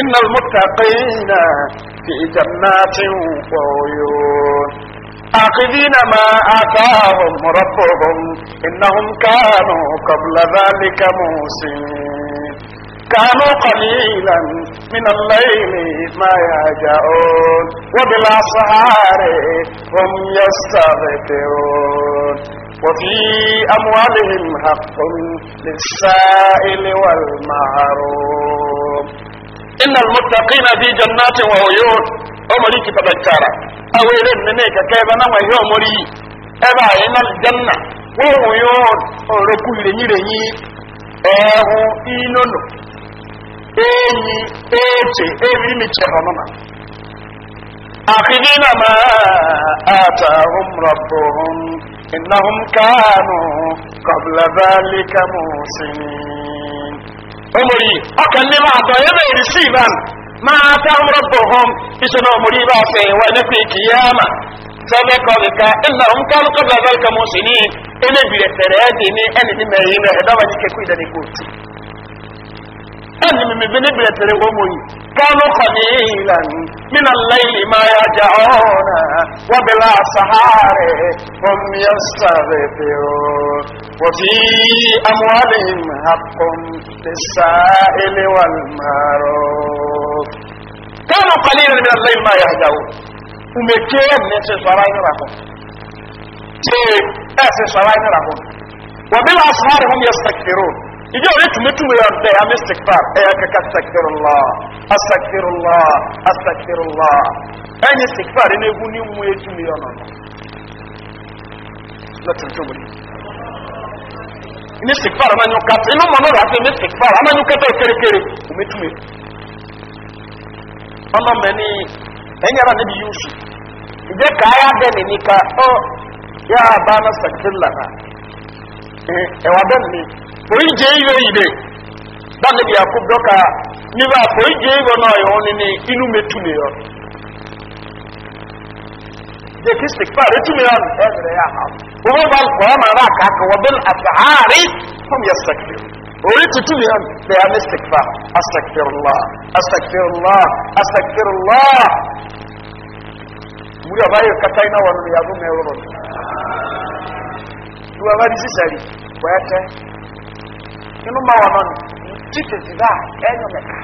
إن المتقين في جنات وعيون آخذين ما آتاهم ربهم إنهم كانوا قبل ذلك موسمين كانوا قليلا من الليل ما يهجعون وبالأسهار هم يستغفرون وفي أموالهم حق للسائل والمعروف إن المتقين في جنات وعيون أمريك فبكارا أولين منك كيف نوى يومري أبا إن الجنة وعيون أركو لني لني أهو إنون إني إيتي إيري ميتشهرنا آخذين ما آتاهم ربهم إنهم كانوا قبل ذلك موسمين omori ọkàn ní máa bọ̀ yẹ́ bẹ̀rẹ̀ sí ìbámu máa táwọn rọ̀bọ̀ hàn ìṣẹ̀nà omori bá fẹ̀ wọ ẹlẹ́pẹ̀ kìíyàmà sọ́fẹ́ kọ́ọ̀kà ìlà ń kọ́lùkọ́ bàbá ìkàmọ́sí ní ẹlẹ́bìrẹ̀ fẹ̀rẹ̀ ẹ́ dì ní ẹnì ní mẹ́rin rẹ̀ ẹ̀dọ́wà ní kẹkù ìdánilẹ́kọ̀ọ́ ẹni mímí bí ní bìrẹ̀ tẹ̀lé wọ́n mọ̀ yìí kánú kọ̀ ní ìlànà nínú lẹ́yìn máa yá jà ọ̀nà wọ́n bẹ̀ láà sàárẹ̀ wọ́n mi yá sàárẹ̀ bẹ̀ ọ́ wọ́n fi amúhálẹ̀ àpọ̀n lè sa ilé wà lùmọ̀rọ̀. kánú kọ̀ ní ìlànà nínú lẹ́yìn máa yá jà ọ́ umeke ẹni ti sọ̀rọ̀ ayé rà kọ́ tí ẹ ti sọ̀rọ̀ ayé rà kọ́ wọ́n bẹ̀ láà sàárẹ̀ wọ́n mi yá sàárẹ̀ ìdí ọ̀rẹ́ tùmẹ́tùmẹ́ yọ ọ̀dẹ́ àmì sèkpàr ẹ̀yà kẹkẹ asàkìrìlá asàkìrìlá asàkìrìlá ẹ̀yìn sèkpàr ẹ̀yìn ewu ní mu ẹ̀tùmẹ́ yọ nọ lọ́tùtùmẹ́ ní sèkpàr ọmọ ẹ̀yìn kàtà inú mọ̀ lọ́rọ̀ àti ní sèkpàr ọmọ ẹ̀yìn kẹtà òkèrèkèrè ọmẹtùmẹ́ ọmọ mẹ́ni ẹ̀yìn ara níbi yusuf ìjẹ́ káyà bẹ́ẹ̀ ni níka ọ yà á bá ná sàkìrìlá ẹ̀ wà bẹ́ẹ̀ ni oyi je iyo ide bani bi akub doka ni ba oyi je iyo na yo ni ni inu metu ne yo je kistik pa retu ne yo ezre ya ha ubo ba ko ma ra ka ko bil afari hum yastakbir oyi tutu ne yo be am istikfa astaghfirullah astaghfirullah astaghfirullah muri abaye kataina wanu ya gume woro Dua bari sisari, wete, inú máa wà lọ́nà títí sí bá ẹ̀yọ́ mẹ́ta.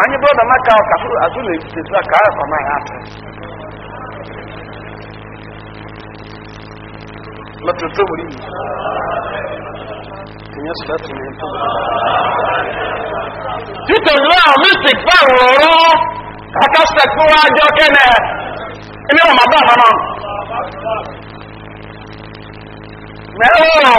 Anyị bụrụ maka ọka azụ na-etiti taa ka a kwa maghị atụ. Lọtụ tó wuri mi. Tinye sọlọtụ na ntụ. Títò ìlú àwọn mísìk bá rọrọ kàkà sẹ̀kúrò àjọ kẹ́nẹ̀ ilé ọmọ bá àmọ́ Mẹ́rọ̀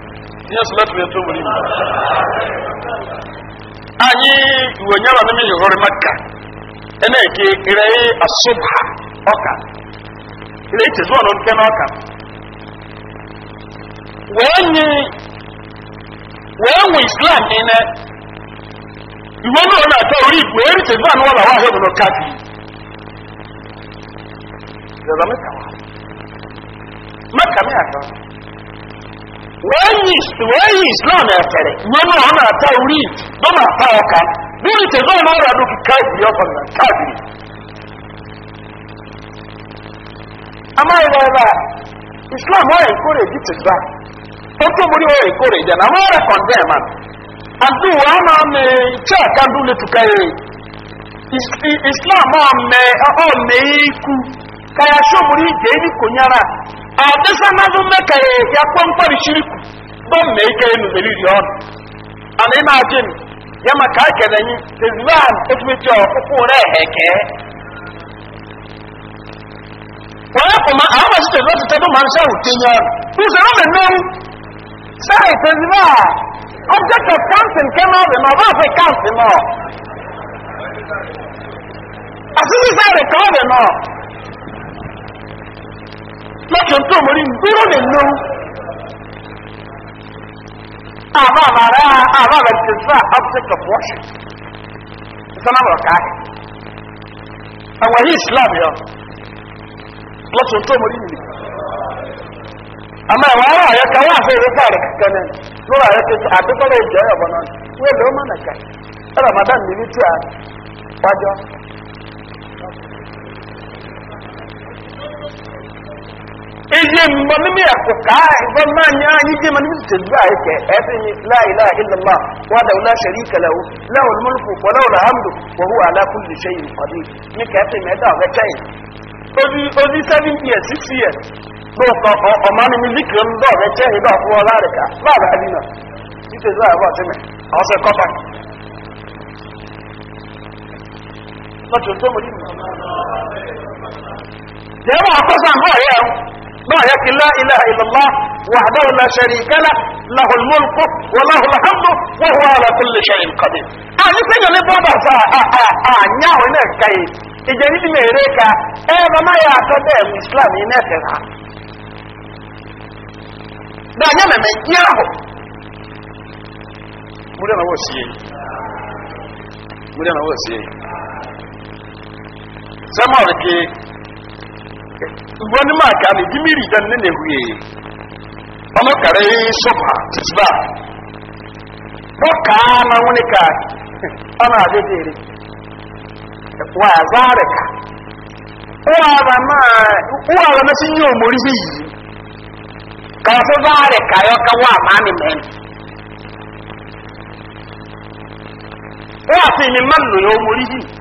nye salatu ya tomo ni anyi wo nyaba no mi yoro makka ene ke ire asubha oka ire te zo no nke oka we nyi we islam ni ne iwo no na to ri we ri te zo no wala wa he no kafi ya zamme kawa makka me aka wẹ́yìn islam ẹ̀fẹ̀rẹ̀ nínú àwọn àtà orí lọ́nà àtà ọkà lórí tẹ̀sán ìlú ọ̀rọ̀ àdókì káàkiri ọkọ̀ nà káàkiri. amáyẹ̀lẹ̀ ẹ̀bà islam ọ̀rẹ̀ ìkórè yìí ti gbà ó tó mú ní ọ̀rẹ̀ ìkórè yìí jẹ́nà àwọn ọ̀rẹ̀ kọ̀ndẹ̀ mà àdúgbò àmà mi tí àkàndú lè tukà yẹ islam ọ̀mẹ̀ ọ̀mẹ̀ ikú kàyà sọ́mùrí ìjẹ́ ní kò nyára ọ̀dísá náà ka ya kwamfari shiriku don me ike yin zeliri ọnụ ana ị na ajụ m ya maka akele yi tezvan ezumechi ọkpụkpụ ụra eheke onye kwụma a mmasị tezvan mmanụ sa utenye ọnụ usoro mmemme sai tezvan object of counting came out in ọba afọ counting ọ asịsị sai rekọdị nọ lọ́kì tó mọ̀rí dúró lè ló àbá àbára àbá àbá ti sá object of worship ìsánáwọ̀ káàkiri àwọn èyí islam yọ lọ́kì tó mọ̀rí nìyí àmọ́ àwọn ará àyẹ kan wọ́n àfẹ́ ìrúkọ rẹ̀ kankan ní lórí àyẹ tó àdúgbò lè jẹ́ ọ̀bọ̀n náà wọ́n lè ó mọ̀nà ká ẹ̀rọ màdá nìyí tí a wájọ́. eje mba mimi ya kukaa ba manya yije man bi tijba yake ebi ni la ilaha illa allah wa da la sharika lahu lahu almulk wa lahu alhamd wa huwa ala kulli shay'in qadir ni ka te meda ga ozi ozi 7 years 6 years do o man mi zikr do ga tai do ko la reka ba ba ba teme o se بايك لا إله إلا الله وحده لا شريك له له الملك وله الحمد وهو على كل شيء قدير أنا سنة لبوضع أنيا هنا كي إجاني دي ميريكا إيه ما يعتبر الإسلام ينفرها ها nya أنا mɛ nyɛ ahɔ mo de na wɔ sie mo de kɛ wani maa kan ni dimi ri dan ne ne hu ye ɔno kare sopa tisiba bɔ kaa na wuni ka ɔno a bɛ deere wa zaare ka wala maa na si nyɛ mori si yi ka so zaare ka yɔ ka wa maa mi mɛn wa fi mi man no yɛ mori si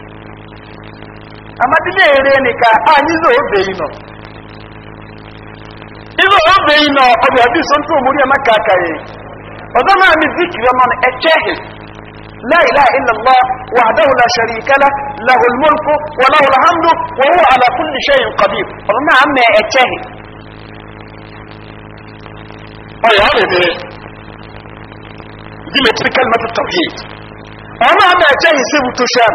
amadi na-ere ni ka anyị zo obe ịnọ ịzọ obe ịnọ ọ bụ so ntụ omori amaka aka ya ọzọ na amị zikiri لا إله إلا الله وحده لا شريك له له الملك وله الحمد وهو على كل شيء قدير قلنا عم أتاه أي هذه دي متر كلمة التوحيد أنا عم أتاه سيب تشام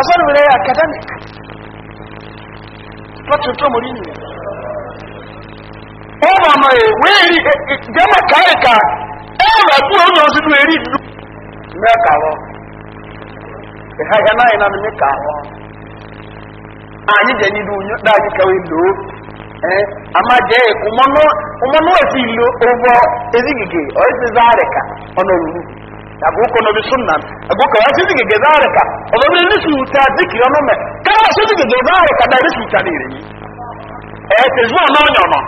ọsọ́nù wẹ̀rẹ̀ yẹ academic lọ́tún tó mọ̀ nínú ó bà mọ̀ ẹ̀ wéèrí jẹ́mọ̀ káyẹ̀ká ẹ̀rọ ẹ̀kú ọ̀nà ọ̀sìnú èrí ìlú mẹ́ẹ̀ká na ẹ̀ha ẹ̀ha náà yẹn náà ní mẹ́ẹ̀ká lọ àyè jẹ́ nínú dájú kẹwé lò ó ẹ̀ àmà jẹ́ ẹ̀kú mọ́nú ẹ̀sìn ezigige agokono bi sunnan agoka wasi zige gezareka obabire nisu ta zikira no me kama wasi zige gezareka da nisu ta dire ni eh te zo no no no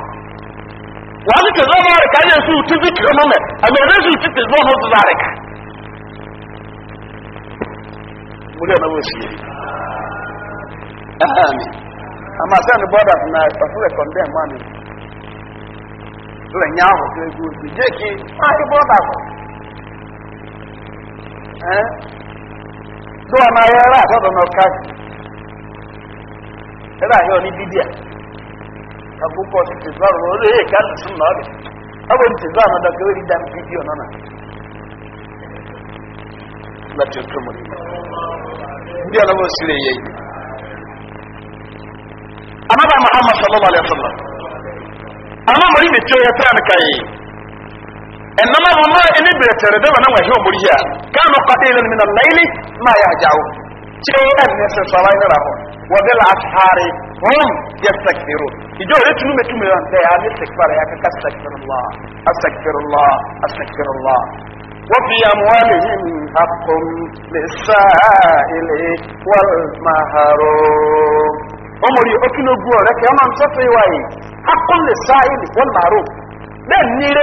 wasi te zo no re ka ye su ti zikira no me agore su ti te zo no to zareka na wosi ahami ama sa ni boda na afure condemn mami Dure nyaho kwe gusi. Jeki, ah, ibo dako. eh so ana ya ra so don ka era he oni bibia abu ko ti tsaro no le kan sun na abi abu ti tsaro da ko ri dan bidio na mo sire ye amaba muhammad sallallahu alaihi wasallam ana mo ri mi انما بما ان برتر ده انا وهي مريا كانوا قليلا من الليل ما يهجعون شيء ان سلاين راهون وبالاسحار هم يستكبرون يجو رتم متم يا يعني يا استغفر الله استغفر الله استغفر الله وفي اموالهم حق للسائل والمحروم عمري اكنوا جوا لك يا من صفي واي حق للسائل والمحروم den nire nire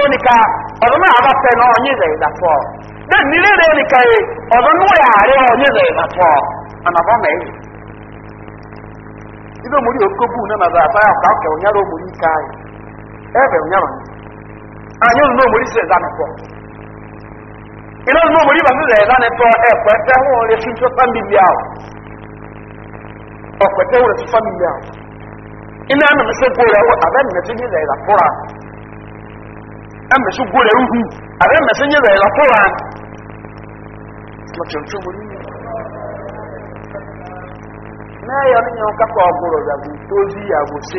rẹ̀ ni ka yìí ọdún náà yà rẹ̀ ọ̀nyẹ́ ìzẹ̀ ìdàpọ̀ ànàbọ̀ mẹ́yì. ibi omori okobu náà nàzà àtàyà ọ̀kà ọ̀kẹ́ ònyàrá omori ká yìí ẹ̀bẹ̀ ònyàrá ni ànyẹ́ ònà omori sì ẹ̀dá nìpọ̀ iná ònà omori bàtú ɛmɛ so gu rɛ hu abe ɛmɛ so nye rɛ lakora mɔtɔntɔn mo nini. n'ayɔ ne nyɛ kakɔ ɔgbɔrɔ yago tozi yago se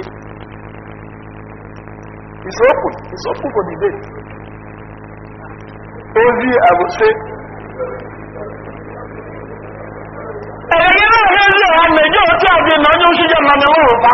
ìsòkù ìsòkù kò dìde ozi yago se. ẹ̀yẹ́ yóò rí ẹ̀yẹ́ ọ̀hún ẹ̀jẹ̀ òtí àbí ìnáwó ṣíjà mọ̀ ní òwò bá.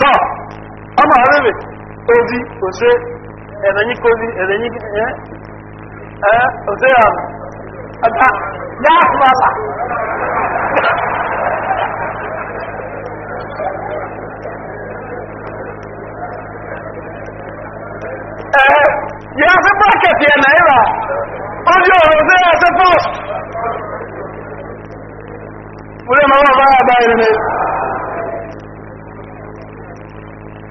tọ ọmọ arịrị ozi ose ẹ̀rẹ̀nyíkozi ẹ̀rẹ̀nyí ẹ̀ ose ya ọ̀dá ya e, ya fi bracket ya naira ozi ose ya post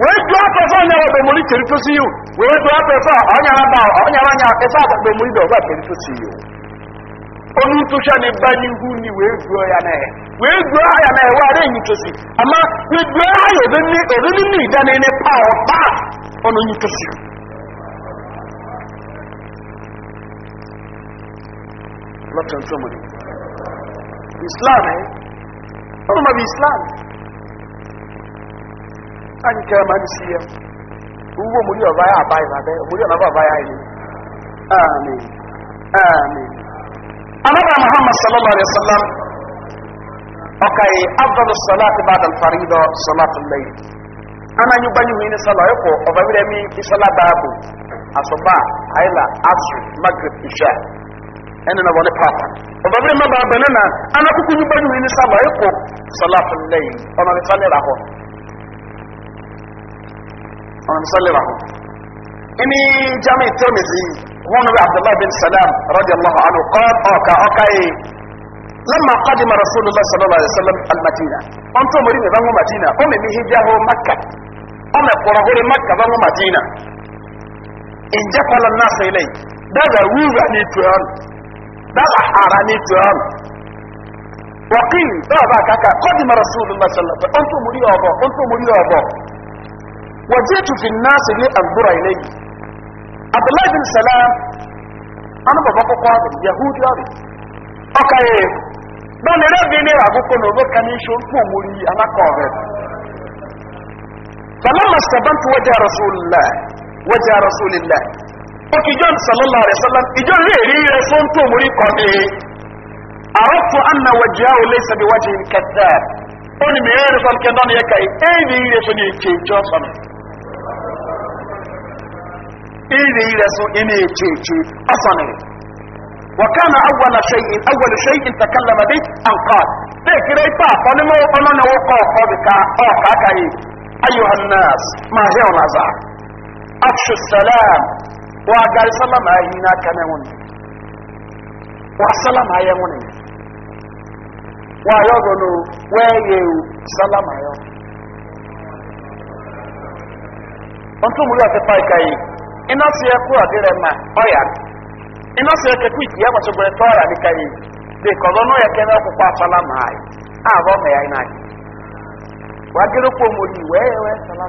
wee dụọ afọ onye ọbụ mori keritosi iwu wee dụọ afọ onye araba onye aranya efe akpakpọ mori dị ọba keritosi iwu onye ntụcha na ịbanye ihu ni wee ya na wee ya na ya ara enyi tosi ama wee dụọ ya ya obere obere nne ịda na ene ọba ọnụ onye tosi islam eh anyị kẹrẹ ma ni si yẹ wúwo ọba yà àbá ìlà bẹ́ẹ̀ mo ọba amen amen. anabra muhammad sallallahu alayhi wa sallam ọkà yìí abdul salati badal farido salatu layi ananyi banyi wi ni sala ẹkọ ọba wíwẹ mi isala baabu asopa ayila asu magreth isha ẹni na wọlé papa. ọba wíwẹ mi baabu ẹni na anakuku nyi banyi wi ni sala ọ̀nàmísọ́lẹ̀rà ini jami tirmizi wọn bɛ abdullahi bin salam radiyallahu anhu kɔn ɔka ɔka ye lamma qadima rasulillah sallallahu alaihi wa sallam almadina ɔn tó mori mi bangu madina ɔn mi mi hijaho makka ɔn mi kɔrɔgori makka bangu madina in jafala nasa ilai daga wuza ni tuyan daga hara ni tuyan wakil dɔw b'a ka kan qadima rasulillah sallallahu alaihi wa sallam ɔn tó mori ɔbɔ ɔn tó mori ɔbɔ. وجئت في الناس لأنظر إليه عبد الله بن سلام أنا بابا قاضي يهودي أبي أوكي بل ربي نرى بكون وبكى نشون فومولي أنا قاضي فلما استبنت وجه رسول الله وجه رسول الله أوكي جون صلى الله عليه وسلم إجون ريري رسول فومولي قاضي عرفت أن وجهه ليس بوجه كذاب أولي ميرسون كندان يكاي أي ريري رسول يتشي جون صلى الله عليه وسلم ire ire sun ime ce ce asanin wa kana awwala shay'in awwala shay'in takallama bi an qad bai kirai ta fani mo ona na wo ko ko bi ka o ka ka yi ayyuhan nas ma hiya raza akshu salam wa gar salama hina kana mun wa salama ya mun wa yo gonu wa ye salama ya Ontu mulu ate pa ikai, ina si ya kuwa dire ma oya ina si ya ke kwiti ya wato gure tora ni kai de ko no ya kena ku kwa sala mai a bo me ya ina ki wa giro ko mo ni we we sala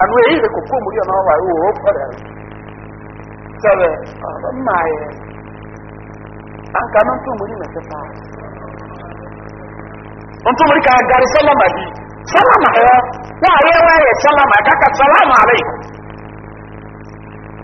anu e ile ko ko mo ya na wa o o ko da sabe mai an kana to mo ni na ta fa on to ka gari sala ma bi sala ma ya wa ya wa ya sala ma ka ka ma alaikum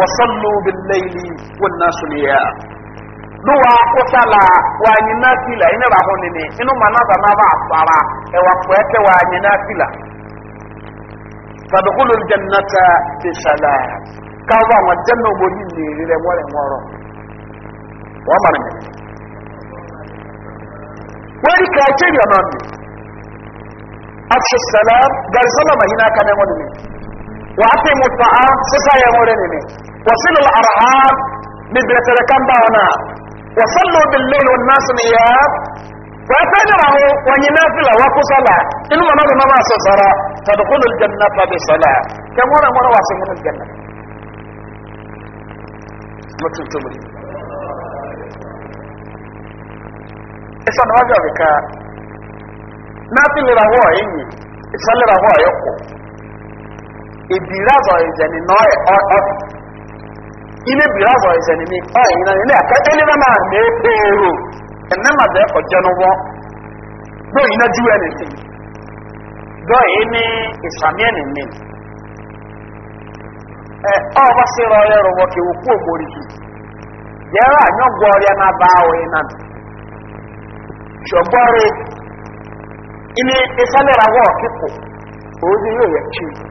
وصلوا بالليل والناس نيام duwa kusala wanyi nafila ine baho nini inu manaza na ba asara ewa kwete wanyi nafila fadukulu jannata fi salam ka wa janna obodi ni rire wore woro wa mara ni wani ka ce ya mami afshu salam mahina ka ne wani وعطي الطعام سفا يا موريني وصلوا الارحام ببرتركان باونا وصلوا بالليل والناس نياب وفجره وننافلة وكسلا إنما نظر ما صلاة تدخل الجنة بصلاة صلاة هو مرة واسم من الجنة تمري إسان واجه بك نافل رهوه إني إسان رهوه يقو ebirazo ezeni noe ɔtɔ ile birazo mi ɔyɛ yina na maa ne epeero bɛ ɔjɛ no wɔ yina ju ɛni ti do yi ni isamiɛ ɛ ɔba se rɔ yɛ rɔ ke wo ju yɛrɛ anyɔ gbɔɔrɛ na baa o o yɛ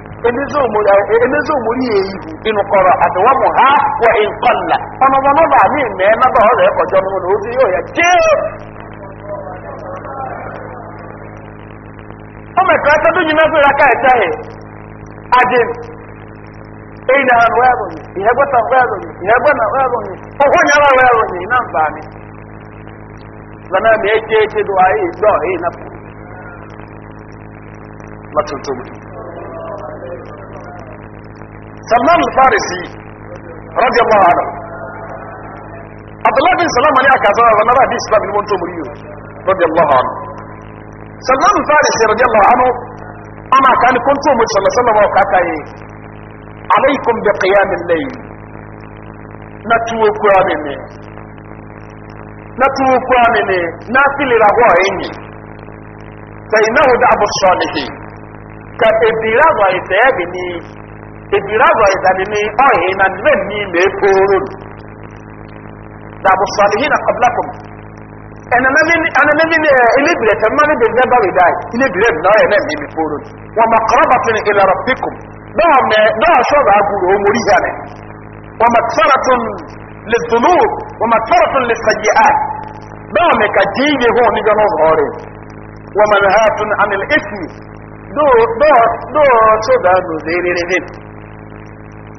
emezo omori ya eyihu inukọrọ adịwamụ ha wa inkọlla ọnụmanụ ba anyị na ba ọrịa ịkọjọ ọnụ na ozi ya ọya jee o mekọrọ e aka dunyi na gwere aka ịtaghị adị eyi na anụ ya ronyi ihe gwata na na anyị do na salman al-farisi radiyallahu anhu abdullahi bin salam ali aka zara ranar abi islam ni wonto muriyo radiyallahu anhu salman al-farisi radiyallahu anhu ana kan kuntu mu sallallahu alaihi wasallam ka kai alaikum bi qiyam na tuwo kurani ne na tuwo kurani ne na filira ho enyi fa inahu da'bu salihin ka edira wa itabi ni ebiri abụọ ịdani ni ọhị na nne nni ma eporo dàbụ sọlihi na kọblakom ẹnanani ilebire tẹ mmanụ dị ndebe awụ ịdai ilebire dị na ọhị na nne meporo wọn ma kọrọbatịn ịlara pikum dọọ mẹ dọọ sọrọ agụrụ omori ya nị wọn ma tọrọtụn lẹtụnụ wọn ma tọrọtụn lẹsajia dọọ mẹ ka jii yi hụ n'ịjọ n'ụzọ ọrụ wọn ma ha tụn anil esi dọọ dọọ dọọ sọrọ agụrụ zerere nị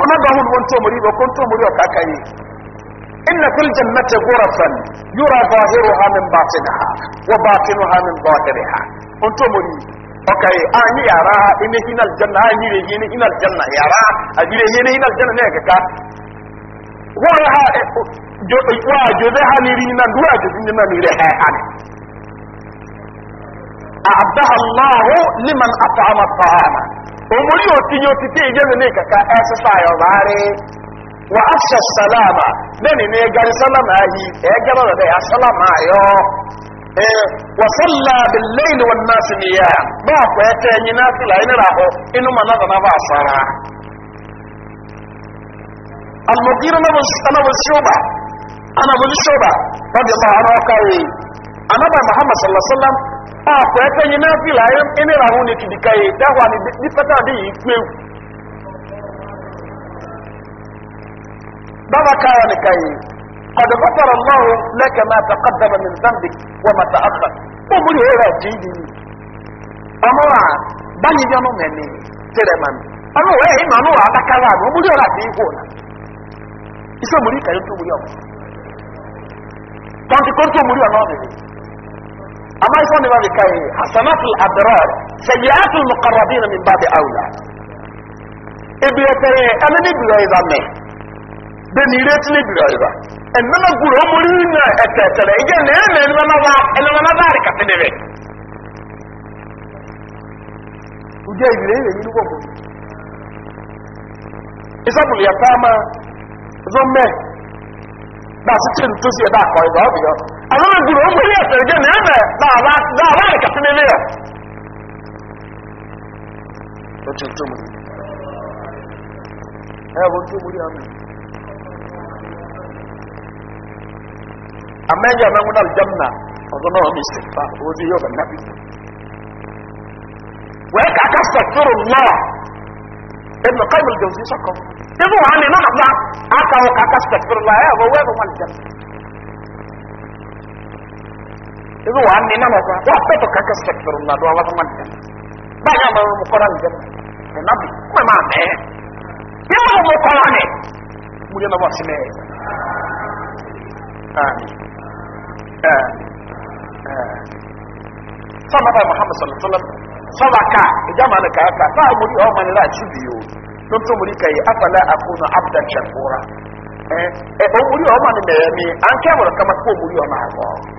ba ba muri أما بهم وانتو مريب وكنتو مريب وكاكاي إن في الجنة غرفا يرى batinha من باطنها وباطنها من ظاهرها وانتو مريب okay ani yara inna hinal janna ani re yene hinal janna yara ajire yene hinal janna ne ka wala ha jo wa jo da haniri ni nan duwa jo ni nan re ha ha أعدها الله لمن أطعم الطعام omori otinye otite ijebe ne kaka exercise ọbaari wa afsha salama dani ne gari salama ahi e gaba da ya salama ayo eh wa salla bil layl wan nas niya ba ko ete nyi na tula ina raho inu mana da na ba sara المغيرة أنا بالشوبة أنا بالشوبة رضي الله عنه قال أنا محمد صلى الله عليه وسلم ọkọ ẹgbẹ́ yìí náà fìlà ẹnìyàn àwọn onìkìdìkà yìí dáwà ní dípẹ́tà dé yìí pé wù. bàbá káyọ̀ nìkan yìí ọ̀dọ̀ fọ́fọ́rọ̀ lọ́rùn lẹ́kẹ̀ẹ́ máa ta ní zambic wọ́n máa ta ó mú ní ìrọ̀ jí yìí ni. ọmọ wa báyìí bí ọmọ mẹ́ni tẹ̀rẹ̀ mà mí ọmọ wẹ̀ yìí màmú wa adákàrà àná ó mú ní ìrọ̀ àti ihò náà iṣẹ́ òmùrí أما يصون ما بكاي حسنات الأبرار سيئات المقربين من باب أولى ابي ترى أنا نبي ايضا ما بني ريت نبي ايضا إنما قول هم لنا أتاتنا إجا نعم إنما ما إنما نظار كتنبي وجاي إليه يقول إصابوا اليتامى ذمه لا ستين تسيا دا ايضا ضابي àwọn ìgbìmọ̀ ó fẹ́lẹ̀ ẹ̀sẹ̀ jẹ́ mẹ́ẹ̀mẹ́ dáàbá ìkàtí nílé ẹ̀ ó ti tó mú ẹ̀wọ̀n tó mú rí àmì àmẹ́jọ mẹ́mú náà jẹ́ mìíràn ọ̀dọ́ náà mi sì fa owó tí yóò bẹ̀ náà bí wẹ́ẹ́ kàkà sọ̀tọ́rọ̀ náà ابن قيم الجوزي شكر ابو عني نحظة أكاو كاكا استغفر الله وويبه والجنة izu wa na nan ka wa ka na do wa ta man ba ya ma mu koran da ne na ko ma ne ya ma mu koran ne mu ne ba shi ne amin sama ba muhammad sallallahu alaihi wasallam sabaka idan ka ka ta mu ri o man la ci biyo don to mu kai afala akuna abdan shakura eh eh o o ne an kama ko o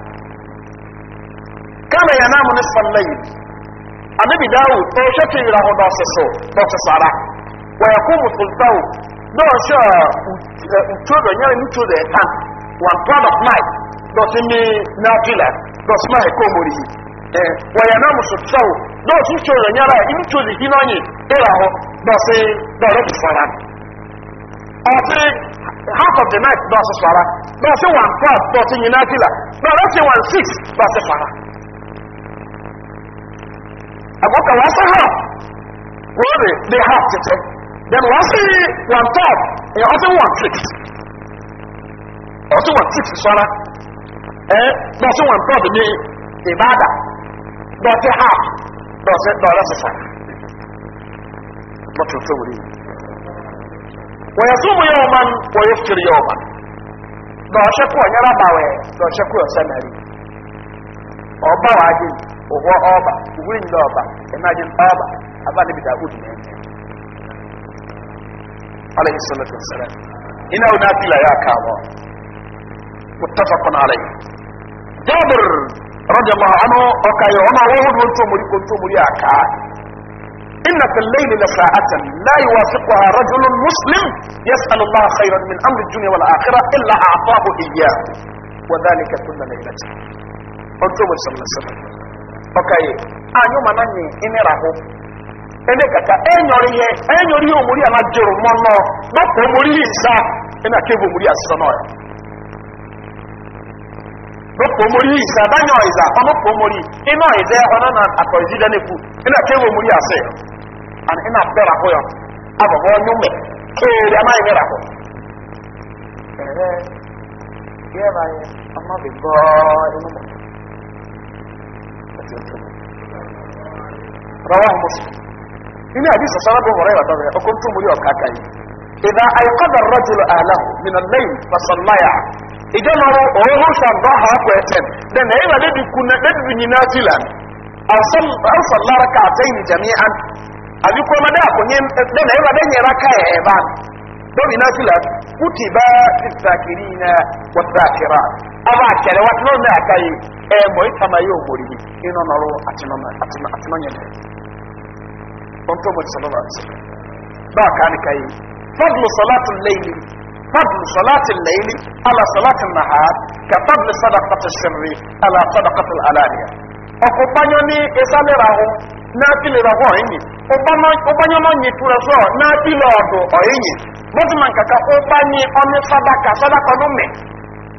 kama yanamu nisfan layl annabi dawud o shati ira ho do soso do sara wa yaqumu sultau do sha uto do nyare ni to the tan one of night do na fila do sma e ko mori eh wa nyara ni to the hinani ho do se do ro sara half of the night sara one one six sara. agoka wasa ha wọ́n dey half tètè then wọ́n sì one top one six ọ́ one six sọ́ra ẹ̀ dọ̀ sí one top ní ìbáàdà dọ̀ ti half dọ̀ sí dọ̀rẹ́ sísá lọ́tọ̀ tó wòlíì wọ́n yẹ súnmù yẹ ọmọ wọ́n yẹ fìrì yẹ ọmọ dọ̀ ọ́ sẹ́kù ụgwọ ọba uwe ndị ọba emajin ọba aba nabi daud na eme alayhi salatu wasalam ina wuna fila ya kawo muttafaqun alayhi jabir radiyallahu anhu okayo ona wo hudu to muri ko to muri aka inna fil layli la sa'atan la yuwafiquha rajulun muslim yas'alu Allah khayran min amri dunya wal akhirah illa a'tahu iyyah وذلك كل ليلة. قلت صلى الله عليه وسلم ọkaye anyị mana nyi ịnịrahụ ene kaka enyori ihe enyori ihe omori ala jụrụ mọ nọ dọkpa omori ihe nsa ena ke bụ omori asịsa nọ ya dọkpa omori nsa danya ọịza ọdọkpa omori ịnọ ịza ọnọ na akọ ezija na-ekwu omori asị ịna ya abụbọ kere ee ihe banyere رواه مسلم إن حديث سند هريرة طبعا أكنت مليون كاكاي إذا أيقظ الرجل أهله من الليل فصليا إذا نرى أوه شنبها كويتن دن أيضا لدي كنا لدي نيناتلا أرسل أرسل ركعتين جميعا أبي كما دا كنين دن أيضا دن يركع إيبان دون ناتلا كتب للذاكرين والذاكرات aba akyɛrɛ wa tena ɔmɛ aka yi ɛɛ e mɔ itama yi omori yi ino nɔrɔ atena ɔmɛ atena atena ɔnyɛ mɛ ɔntɔ mo ti sɛ ɔmɛ ati baa kaa ne ka yi fadlu salatu leili fadlu salatu leili ala salatu nahar ka fadlu sadakata sirri ala sadakata alaniya ɔkò banyɔ ni esale ra ho n'akili ra ho ɔyɛ nyi ɔbanyɔ n'onyi tura so n'akili ɔdo ɔyɛ nyi sadaka sadaka ọnụ mee.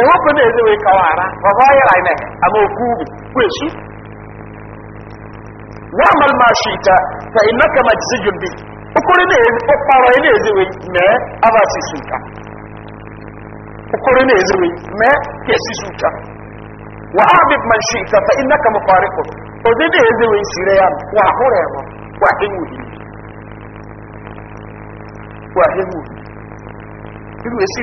ẹ̀wọ́n kò náà ẹ̀dẹ́wẹ̀ kọ́ ara ọ̀họ́ ayé àìmẹ́ àmọ́ òkú kú wọ́n mọ̀ máa ta iná kama jìsí jù bí okòrò náà ó parọ́ ẹ̀ náà ẹ̀dẹ́wẹ̀ mẹ́ àbá sí sùkà mẹ́ wọ́n á bí máa ta iná kama kwari kọ́ òdí wà wà hẹ́wù yìí wà hẹ́wù yìí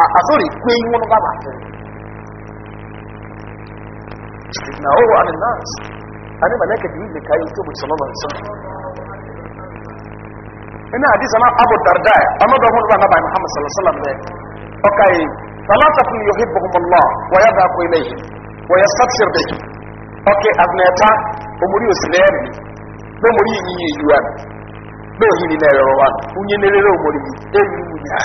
A ìkú eyín wọn bá Na ìnáwó wa ni náà ani malaka ka yi kayan tubu sallallahu alaihi ina na abu darda na bai muhammad sallallahu alaihi wasallam ne okay salatatu yuhibbuhum allah wa yadhaku waya wa yastabshir bihi okay aznata umuri uslam do yi yi na yi ya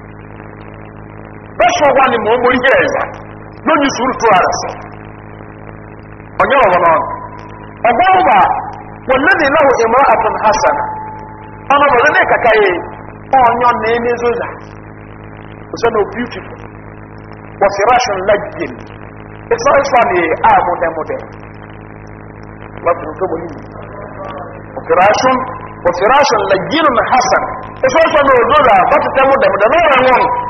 bẹ́sọ̀ wà ní mọ̀ mórí yẹ ẹ̀yà lóyún sùúrù tó ara sọ ọ̀nyẹ́ ọ̀rọ̀ náà ọgbọ́n bá wọn lẹ́nu ìlọ́wọ́ Hassan. àtún hasan ọmọ bọ̀dọ̀ ní kàkà yìí na ní ní zoza ọ̀sẹ̀ no beautiful wọ́n fi ration lẹ́gbẹ̀ẹ́ ìfẹ́ ìfẹ́ ni àmúdẹ́múdẹ́ wọ́n fi tó wọlé yìí wọ́n fi ration wọ́n fi ration lẹ́gbẹ̀ẹ́ hasan ìfẹ́ ìfẹ́ ni òzọ́zà bá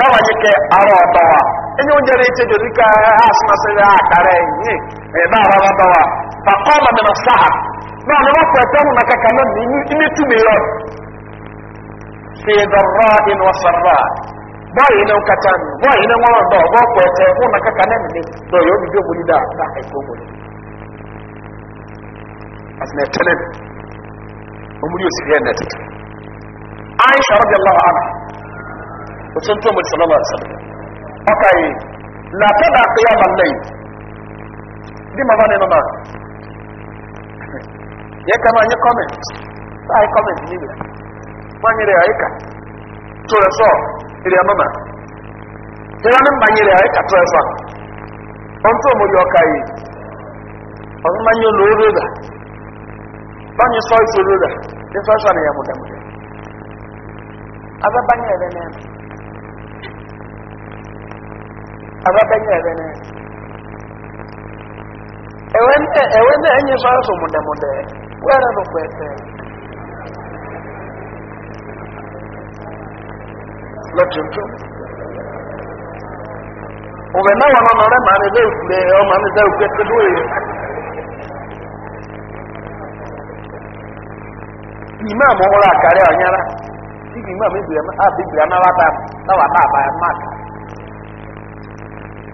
dáwàyé kẹ ara ọ̀dọ̀ wa ẹni oúnjẹ rẹ̀ ṣe ha ká aṣọ́nàṣẹ́ rẹ̀ àkàrẹ̀ yìí ẹ̀dá ara wa wa bàkọ́ ọ̀nà mìíràn sáà náà ni wọ́n pẹ̀ tẹ́wọ̀n náà kẹkẹ náà ní ilé túnbẹ̀ yọ. ṣe dọ̀rọ̀ inú ọ̀sọ̀rọ̀ bọ́ọ̀yì náà kàtà ní bọ́ọ̀yì náà wọ́n dọ̀ bọ́ pẹ̀ náà náà ní lọ́yọ̀ osunto mu sallallahu alaihi wasallam okay la tada qiyam al-layl ma bane mama ya kama ni comment sai comment ni bi wani re aika to re so ire so onto mu yo kai on ma ni lo so so re abaganya abene ewende ewende enye saso munde munde wera lokwete lotuntu ah, na wana nore mane de ukule na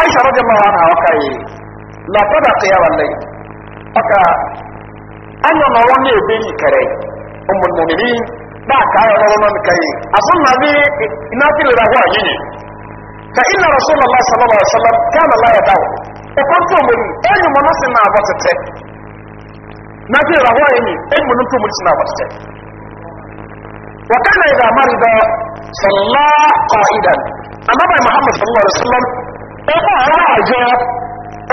aisha radiyallahu anha waka yi la tada qiyam al-layl aka anyo no won e be ni kare ummul mu'minin ba ka ya no won kai asun na bi ina fil rahu ajini ka inna rasulullah sallallahu alaihi wasallam kana la yadaw e kon to mo ni e ni mo sin na abatete na fil rahu ajini e mo nun to mo sin na abatete wa kana idha marida sallallahu ẹ̀kọ́ àwọn àjọ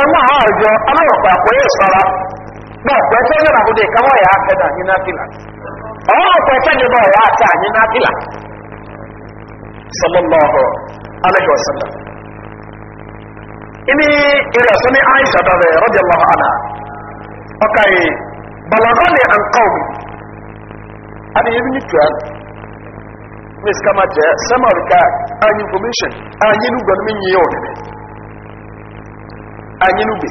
ẹ̀mú àwọn àjọ aláwọ̀pọ̀ àpòyè ìsọ́ra náà pẹ̀tẹ́ ní àbúdé káwọ́ ẹ̀yà akẹ́dà ní náfìlà àwọn ọ̀pẹ̀tẹ́ ní bọ̀ ẹ̀yà akẹ́ ní náfìlà sọlọ́lọ́họ̀ aláìwọ̀sọ̀lá ini ira sani aisha da bai radiyallahu anha okay balagani an qawmi ani ibn tuan miskama je samarka an information an yinu anyị n'ugbe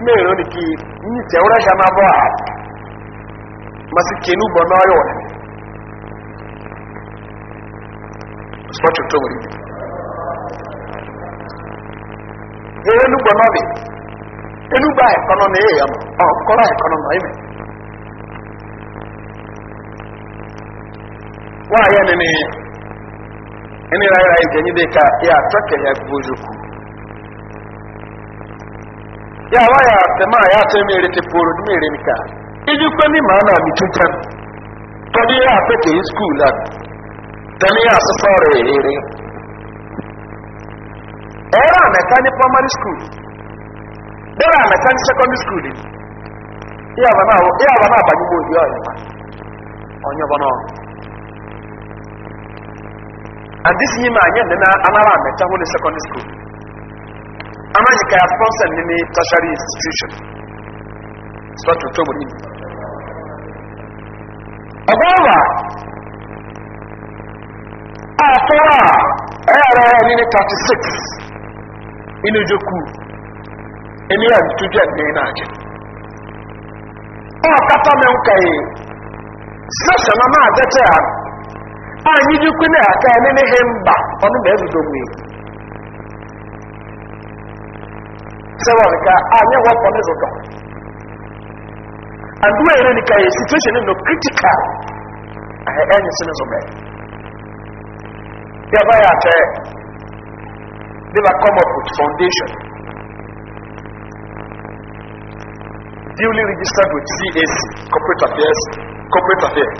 ime ero ni ki nyi tẹ ụra ya ma bọ a masị kenu bọ n'ọyọ wọn sọtù tó wọlé bi ere nugbọ n'ọbi e enugba ẹkọnọ na eya ma ọ kọrọ ẹkọnọ na ime wọn ayẹ nini ẹni ra ka ya atọ kẹyà ozi okwu. ya ba ya tema ya ce mere te poro mere ni ka iji kwe ni ma na mitu tan to ya pe ke school la tani ya so sore ere era me tani primary school era me tani secondary school ya ba na ya ba na ba ni bo yo ba na and this anya na anara me tani secondary ama yi sponsor ne ne tertiary institution sponsor to muri ọgbọnwa atọwa ẹyàrá a ní thirty six 36 ìjókòó ẹni yà ntújú ẹni náà jẹ ọ kata mi nka yi sẹsẹ náà máa dẹtẹ a a yi dúkú náà ká ẹni sẹ́wọ̀n nìka a nyɛ wɔ pɔ ne so dɔn aduwa yɛrɛ nìka yɛ situation no critical a yɛ ɛnyɛ sini so bɛɛ yɛ ba yɛ atɛ they were come up with foundation duly registered with cac corporate affairs corporate affairs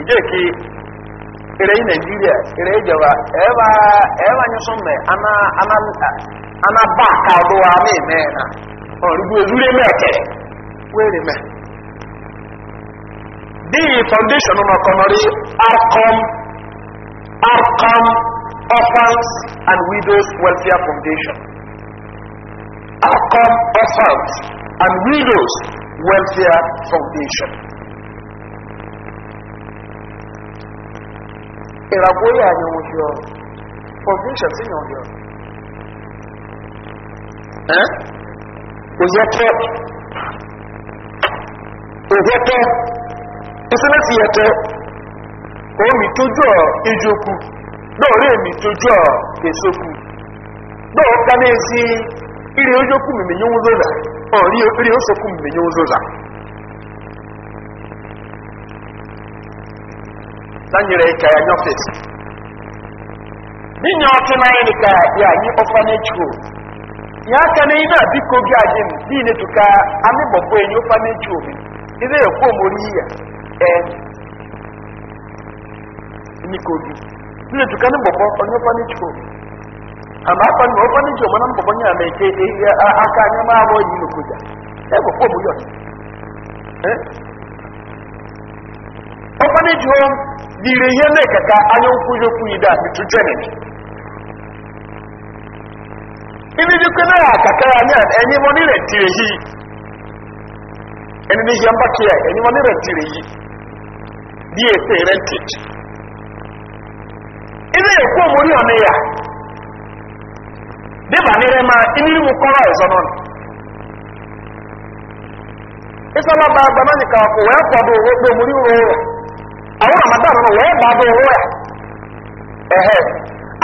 ìjẹ́ kí ìrẹ́ yìí nàìjíríà ìrẹ́ ìjọba ẹ̀ẹ́bà ẹ̀ẹ́bà yín súnmẹ̀ anábà kàdó wa mí mẹ́ẹ̀nà ọ̀rùgbò ìdúré mẹ́ẹ̀kẹ́ wéèrè mẹ́. bí foundation ọmọkọmọrí arcom arcom orphans and widows welfare foundation arcom orphans and widows welfare foundation. ìràgbóyà ni wọ́n yọ confusion sí ni wọ́n yọ. òye tẹ òye tẹ ìsinmi yẹ tẹ omi tójú ọ ìjókù lóòrè mi tójú ọ èsókù lóòka náà sí ìrìn ojókù mímí yóò ń lòlà ọ̀rí ìrìn ojókù mímí ń lòlà. na nyere ka ya nye ọfịs dinye ọtụ na anyị ka ya anyị orphanage home ya aka na ị na-abiko gị adị m dị netuka bọbọ enyi orphanage home ịdị ekwu omori ya tụka bọbọ onye ama na nye ama eke aka anya ma omori ọkpọdụ jụọ dịrị ihe na-ekeka anya nkwụzi okwu yi daa mitu jenin e ibi dị kwene ya na ya anya enyi mọ nire tiri yi di ete rented ibi ekwu omori ọnụ ya dịba nire ma imiri mụ kọrọ ka wee kwado okpo omori àwọn ramadan náà wẹ́ẹ́ bá bọ̀ owó ẹ̀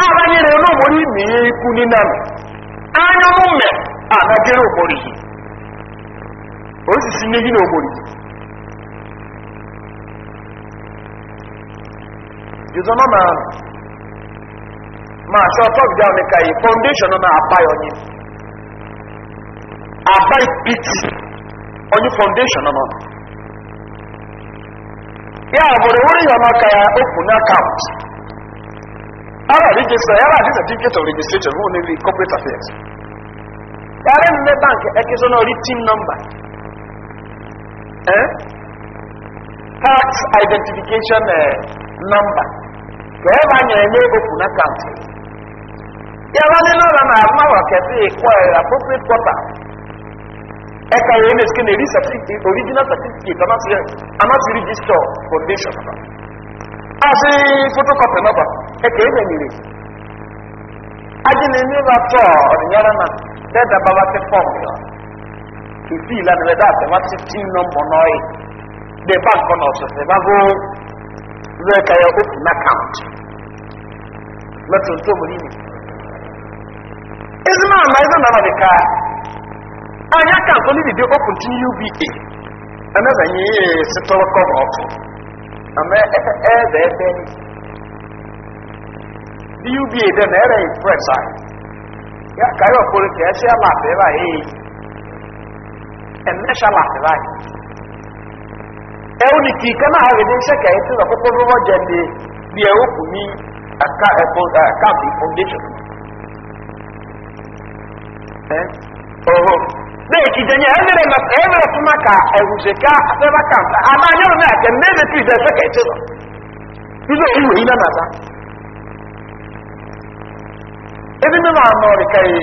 ahụ anyị na mo ní mìíràn ikú ikwu ányámú mẹ́ àdágẹ́rẹ́ òmòrì yìí oríṣiríṣi méjì náà òmòrì yìí. jùzọ́ náà máa máa ṣọ́ tọ́jú dáhùn nìka yìí foundation náà yìí foundation náà. ya bụrụ wuri ya maka ya open account ara registration who need corporate affairs yàrá nne bank ẹkẹsọ team number eh? tax identification eh, number kẹ́ẹ́ bá yẹn ya open account yàrá na ọ̀nà àmàwà kẹfì quarter ẹka yẹn ní sikẹ́ ní rí certificate original certificate ọ̀nà ti ọ̀nà ti register for nation ọ̀nà. a ṣe photocopy nọba ẹka yẹn nìyẹn. ajínlẹ̀ ní bá tọ̀ ọ̀nìyàrá náà bẹ́ẹ̀ dábàá bá ti fọ́ọ̀mù yọ. ìfì ìlànà rẹ̀ dáàbẹ̀ wá ti tí nọmbọ̀ náà yìí. the bank ọ̀nà ọ̀sẹ̀sẹ̀ bá gbó lẹ́ẹ̀ka yẹ open account. lọ́tọ̀ tó mo ní mi. ìsúná àmà ìsúná àmà nìkan. anyị aka nso ndị dị open to uba anabanye sitọrọ kọm ọtụ ama ebe ebe e, e, e, uba dị na ere impress anyị ya ka ya ka esi chịa ebe a emesha laatị ebe anyị ẹwọn kì í kẹ́ náà rẹ̀ ka esi kẹ̀yẹ́ tí lọ́kọ́ kọ́ lọ́wọ́ jẹ ọhụrụ. E e na ekijanye emere emere fuma ka ehuseka aseba kanta ama anyoro na ke mebe tu ide seka etiro izo iwe ina mata ebi me ma no re kai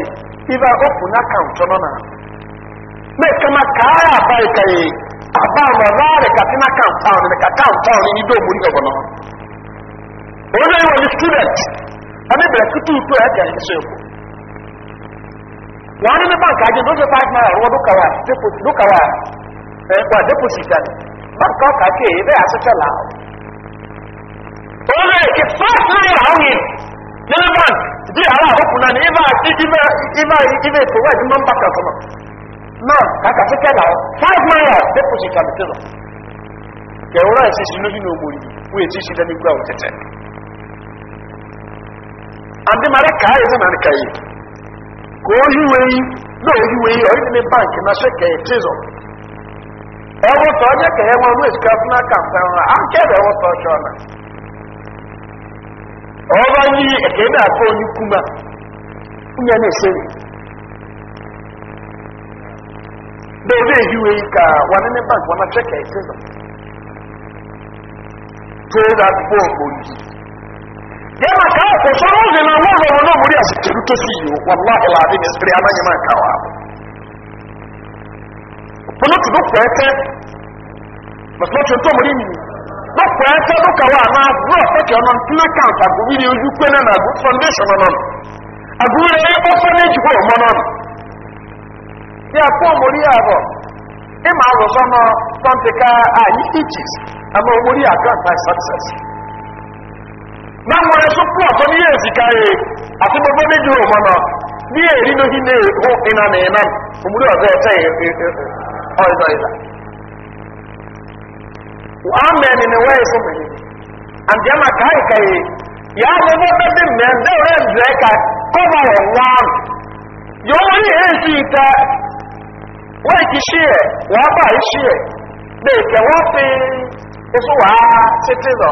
iba oku na kanto no na me kama ka ya ba re kai aba ma ra re ka tina kanta no ka kanta no ni do muri ko no o le wa student ani e be kutu to ya ka iseku wani na banka ajin doje five naira ruwa duka wa duka wa wa deposit ne banka ka ke ebe a sata la o le ke five naira awon ne na bank di ala ko kuna ne ima ima ima ima to wa jumba banka kuma na ka ka sata la five naira deposit ka bitiro ke ora se si no hinu omori we ti si da ni gwa o tete andi mara kai zama ni kai ka ohi wee na ohi wee ọ ịdị na sheke etizo ẹwọtọ ọjọ kẹhẹ wọn wọn èsì kan fúnà kan fẹ wọn akẹrẹ ẹwọtọ ọjọ ọba yi ẹkẹ onye kuma nye na ẹsẹ mi dèbè ehi ka wọn ní banki wọn na sheke etizo tó yana kawo kusurin zina wanda wani muri a shekaru ya tsiri amanya man kawo abu kuma tu duk kwete masalacin kwete na zuwa sake wannan tuna kanta gobe ne yanzu kwene na good foundation wannan a gure ne orphanage home wannan ya ko muri abu ima azọ sọmọ sọmpika n'agbọrọ sọpụ ọkọ n'ihe esikarị asị gbogbo ndị jụrụ ụmụ nọ n'ihe eri n'ohi na-ehu ịna na ịna omume ọzọ ete e, e, e, ọzọ ịza amen na wee sọ mere ndị ama ka anyị kaghị ya bụ ebe dị mme ndị ọrụ zụọ ka kọba ụwa ya onye ihe esi ite wee kishie wee gba ishie na-eke wọpị ụsụ wa chetizọ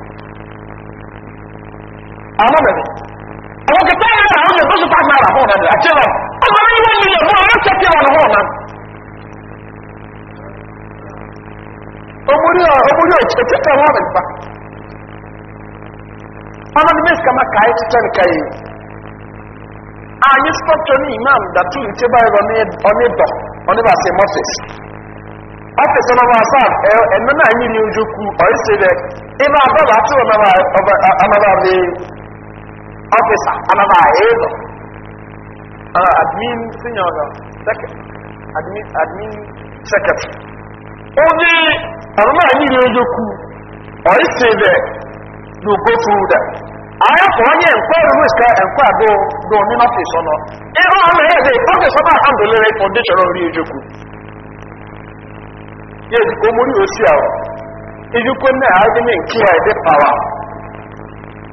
amamere àwọn kẹtẹ yẹn náà àwọn ẹgbẹ́ sọ́kà gbára hàn náà àti ẹ̀rọ ọgbà ní wọ́n nílẹ̀ fún àwọn kẹtẹ wọn hàn náà. omori a omori a kẹtẹ tẹ wọn rẹ pa ọmọ ní bẹ́sì kama kàáyé títẹ́ ní kàáyé ààyè sọ́tọ̀ ní imam dàtú ní tí báyìí ọ̀ní dọ̀ ọ̀ní bá se mọ́fẹ́s ọ́fẹ́sì ọ̀nà wọn sáà ẹ̀ẹ́nà náà yìí ní ojú ku ọ̀yẹ́sẹ̀ officer anaba ayedo uh, admin senior second admin secretary onye ọ̀rọ̀mọ̀ anyị na-ejo kwu ọ̀yị si ebe n'ugo anyị onye nkwa ọrụrụ iska nkwa bụ bụ onye ọnọ ebe ọ na ebe ọfịs ọba handụlere fọndeshọn onye ejokwu ya ejikọ omori osi ahụ ejikọ nne ha adị na nke a ịdị pawa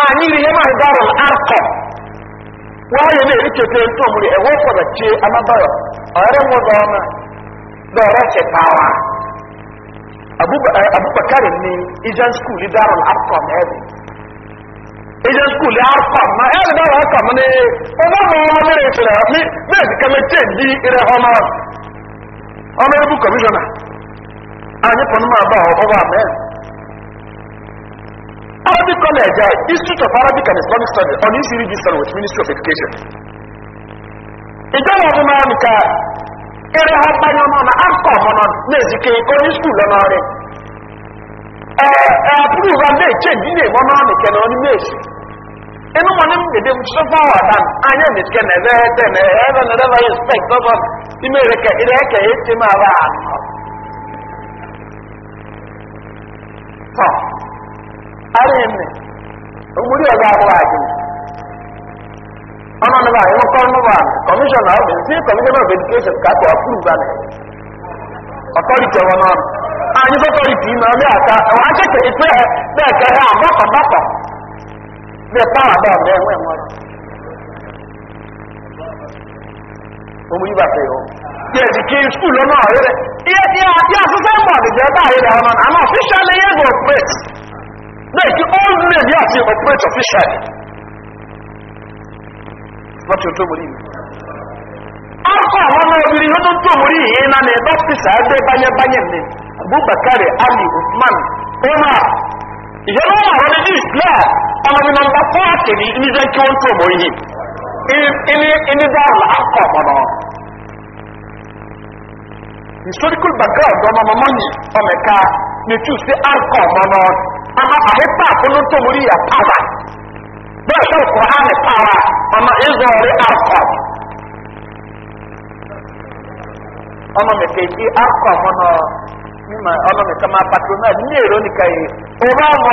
anyị ah, riri ihe maghị darụl arkọ wáyé náà ìkẹtẹ tó múlẹ ẹwọ kọdà a máa bá ọrẹ wọn dọọna lọrẹ ṣe pààrà abubakar ní asian school darul arkom ẹbí ma ẹbí darul arkom ní ọmọ mọ ọmọ rẹ fẹrẹ mi bẹẹ sì kẹmẹ tẹ di rẹ ọmọ ebu anyị pụrụ Arabic College, uh, Institute of Arabic and Islamic Studies on UC register with Ministry of Education. Ìjọba ọdún máa ń ka eré ha na akọ̀ ọmọ náà na kè kó ní skul lọ n'ọrẹ. Ẹ ẹ approve and they change ní náà nìkẹ́ náà ní méjì. Inú wọn ní gbèdé mu tó fọwọ́ àdán ányá nìkẹ́ nà ẹ̀rẹ́ ẹ̀dẹ́ nà ẹ̀rẹ́ nà ẹ̀rẹ́ respect ọ̀bọ̀n ìmọ̀ èrèkẹ́ ìrẹ́kẹ́ ètè máa bá arịnne omuri a abụghị anyị ọnụ ọnụ anyị nụkọ ọnụ ba kọmishọn ahụ bụ ndị kọmishọn of edukeshọn ka akụ apụrụ bane ọtọrịtị ọwụ n'ọnụ anyị bọtọrịtị ime ọnụ aka ọwa ife ha na-eke ha agbakọ gbakọ dọọ e e na enwe omuri ya ya Like the old name, yes, you operate officially. What you do with him? Afọ àwọn ọmọ obìnrin ló tó tó wòrí yìí náà ní dọ́kítà ẹgbẹ́ báyẹ̀báyẹ̀ ní Abubakar Ali Usman Omar. Ìjọba wà wọlé ní Islam, ọmọ ní nọmba fọ́ọ̀tì ní níjẹ́ kí wọ́n tó wò yìí. Ini dáhùn akọ̀ ọ̀nà. Historical background ọmọ mọ́mọ́ ni ọmọ ẹ̀ka ní tù sí akọ̀ ọ̀nà. ama ahepa akono ntomori yɛ pawa bɛɛ sɛ ɔkɔha ne pawa ama ezɔɔre arkɔb ɔno me pɛti arkɔb no mima ɔno me kama na ne ero ni ka yi ɔba mɔ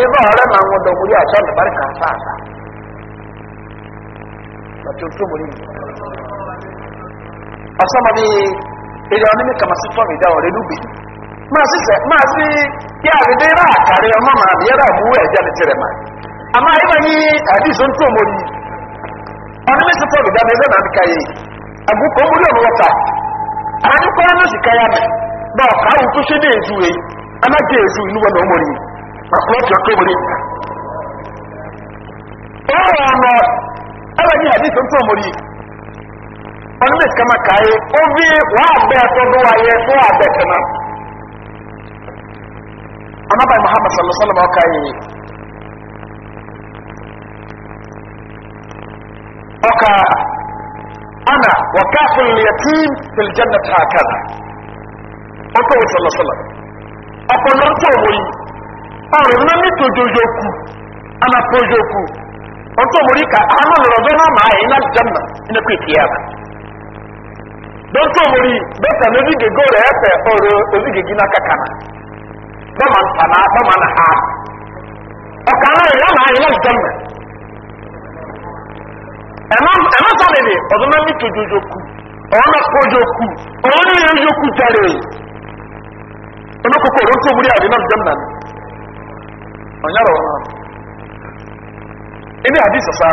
ezɔɔre na ŋo ntomori ahyɛ ne bari ka sa asa bàtí ntomori ɔsɔmɔ bi ɛdí ɔno kama sitɔ mi da nubi. Maasị sị maazị ya adịdị ra akarị ọma ma abịa ra ọmụwụ ẹja n'ekyere ma ama ịma nyi adịsọ ntụ omori ọdị n'esi tọọ gaa n'eze na adịka ya agụ ka omori ọmụwọta anyị kwara n'ozi ka ya mee na ọka ahụ kwụsị dị ezu eyi anaghị ezu n'ụwa na omori ma plọtụ ọka omori ọrụ ọnụ ẹwẹnyi adịsọ ntụ omori ọdị n'esi kama ka ya ovi wa abịa tọdụ wa ya tọọ abịa kama. anabai muhammad sallallahu alaihi wasallam ọka yi ọka ana wa kafin yatim fil jannat hakada ọka wa sallallahu alaihi wasallam ọkọ lọrọ tó wọ yi ọrọ ní ní tojojo ku ana pojo ku ọtọ mori ka ana lọrọ dọ náà máa yẹ iná janna iná kú ba dọ́tọ̀ mori bẹ́tà ní onígègé rẹ̀ ẹ̀fẹ̀ ọ̀rọ̀ onígègé náà kàkànà bẹ́ẹ̀ máa ń tàná bẹ́ẹ̀ máa ń ha ọ̀kan náà yẹn máa yẹn lọ́sọ̀ mẹ́ ẹ̀ma sábẹ̀ ni ọ̀dọ́ náà ní tòjòjò kù ọ̀hún náà kọjọ kù ọ̀hún ní yẹn yókù jáde ọ̀nà kókó ọ̀dọ́ tó múlẹ̀ àdínà jẹ́m náà ọ̀nyàrá wọn náà ẹni àdí sàṣà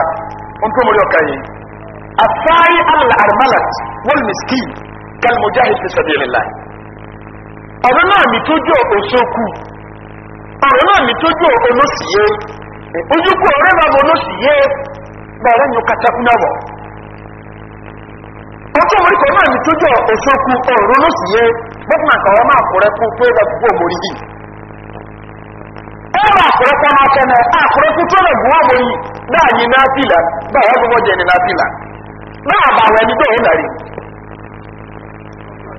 wọn tó múlẹ̀ ọ̀ka yìí afáyé alàlà àrùmálàt wọ́n mìsíkì kálmùjáhìí fi sàbẹ̀lẹ̀ láì. ọ̀rọ̀ náà ní tójú òṣòkù ọ̀rọ̀ náà ní tójú olóṣìyé ojúkú ọ̀rẹ́ náà mọ olóṣìyé bẹ̀rẹ̀ ní katakú náà wọ̀ ọjọ́ orí kan náà ní tójú òṣòkù ọ̀rọ̀ olóṣìyé gbọ́dọ̀ àgbà wọn máa kúrẹ́ kú pé ẹgbẹ́ yìí tó náà náà fìlà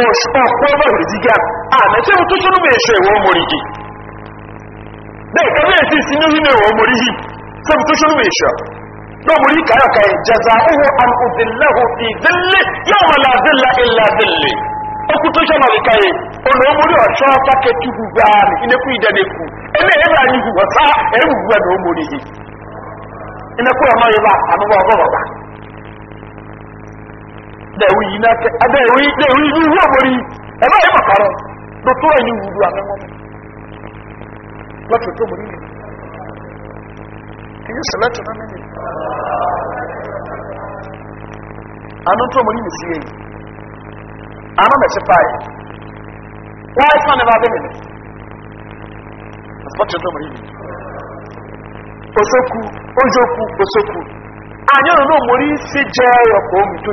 ọ̀pọ̀lọpọ̀ ìdígá àmẹ́tẹ́ mú tó ṣúrú mẹ́ ṣe ìwọ̀n mọ̀rí yìí bẹ́ẹ̀ kẹ́lẹ́ sí sínú rí mẹ́ ìwọ̀n mọ̀rí yìí tó mú tó ṣúrú mẹ́ ṣe náà mọ̀rí kàyọ̀kà ìjẹta owó àmùdìlẹ́hù ìdílé yóò mọ̀ làdílà ìlàdílé okú tó ṣọ́nà ìkàyè olóòmórí ọ̀ṣọ́ pákẹ́tì gbogbo àmì inekú ìdẹ́nekù ẹ̀mẹ́ ẹ̀rọ àyíkù wọ̀tá ẹ̀rù gbogbo ẹ̀ dẹ̀wì yìí náà kẹ́ adẹ̀wì dẹ̀wì yìí wú ọ̀mọ̀rí ẹ̀ bá yẹ kọ̀kọ̀rọ̀ lótó ẹ̀yìn wùdú àmẹ́mọ́ mi lọ́tọ̀ tó yi nínú ẹ̀yìn sẹ̀lẹ̀tọ̀ náà nínú àánú tó mọ̀ nínú sí ẹ̀yìn àánú mẹ̀sẹ̀ fáyẹ̀ wọ́n á sàn nípa abẹ́mẹ̀ lọ́tọ̀ tó mọ̀ nínú osoku ojoku osoku àyẹ̀wò náà mọ̀ rí sí jẹ́ ọ̀pọ̀ omi tó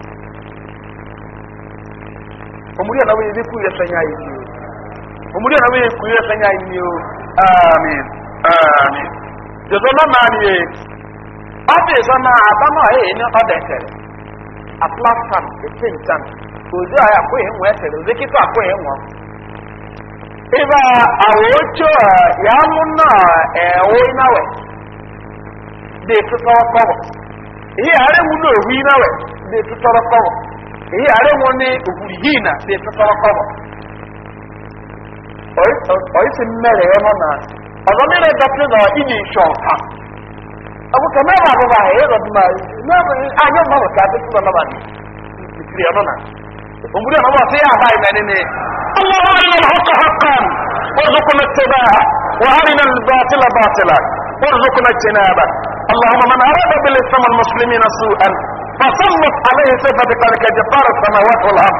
omuriyo nawe yeze kuyirasanya yini omuriyo nawe yeze kuyirasanya yini o amen amen jezoma maniye ọbẹ sọnà àbámọ ẹyẹ ní ọdẹ tẹrẹ aplastan ètè ntàn òzí àyà kó yẹn wọn ẹtẹrẹ òzí kíkọ àkó yẹn wọn. ibà àwòjọ yàmú náà ẹ̀wọ́ ináwẹ̀ dé tutọ́rọ́ kọ́wọ̀ èyí àárẹ̀ wúlò òwú ináwẹ̀ dé èyí àárẹ̀ wọn ní ògùn yìí nà ṣe tọ́tọ́rọ́ kọ́bọ̀ ọ̀yí ti mẹ́rẹ̀ ẹ̀ mọ́ náà ọ̀dọ́ mi rẹ̀ dọ́kítà náà ìyí ìṣọ̀ ọ̀tá àbùkà mẹ́wàá àbúrò àyè rọ̀ dùmá ayé mọ̀ wọ̀ká bí túbọ̀ náà wà ní ìtìrì ọ̀nà náà òmùdí ọ̀nà wọ̀ sí àbá ìmẹ̀ nínú اللهم ارنا الحق حقا وارزقنا اتباعه وارنا الباطل باطلا وارزقنا اجتنابه اللهم من اراد بالاسلام المسلمين سوءا فصلت عليه صفتك لك جبار السماوات والارض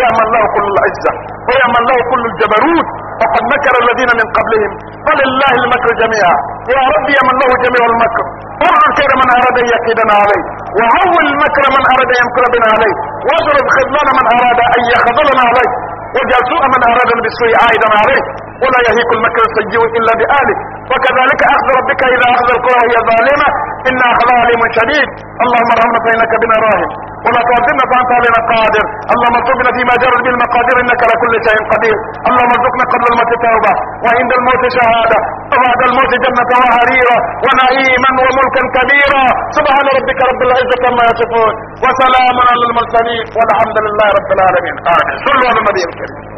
يا من له كل العزه ويا من له كل الجبروت وقد مكر الذين من قبلهم فلله المكر جميعا يا ربي يا من له جميع المكر ارجو كيد من اراد ان يكيدنا عليه وعول مكر من اراد ان يمكر بنا عليه واضرب خذلان من اراد ان يخذلنا عليه وجل سوء من اراد بالسوء عائدا عليه ولا يهيك المكر السيء إلا بآله وكذلك أخذ ربك إذا أخذ القرى هي ظالمة إن أخذها عليم شديد اللهم ارحمنا فإنك بنا راهب ولا تعذبنا فأنت علينا قادر اللهم ارزقنا فيما جرت به المقادير إنك على كل شيء قدير اللهم ارزقنا قبل الموت توبة وعند الموت شهادة وبعد الموت جنة وهريرة ونعيما وملكا كبيرا سبحان ربك رب العزة عما يصفون وسلام على المرسلين والحمد لله رب العالمين آمين صلوا على النبي الكريم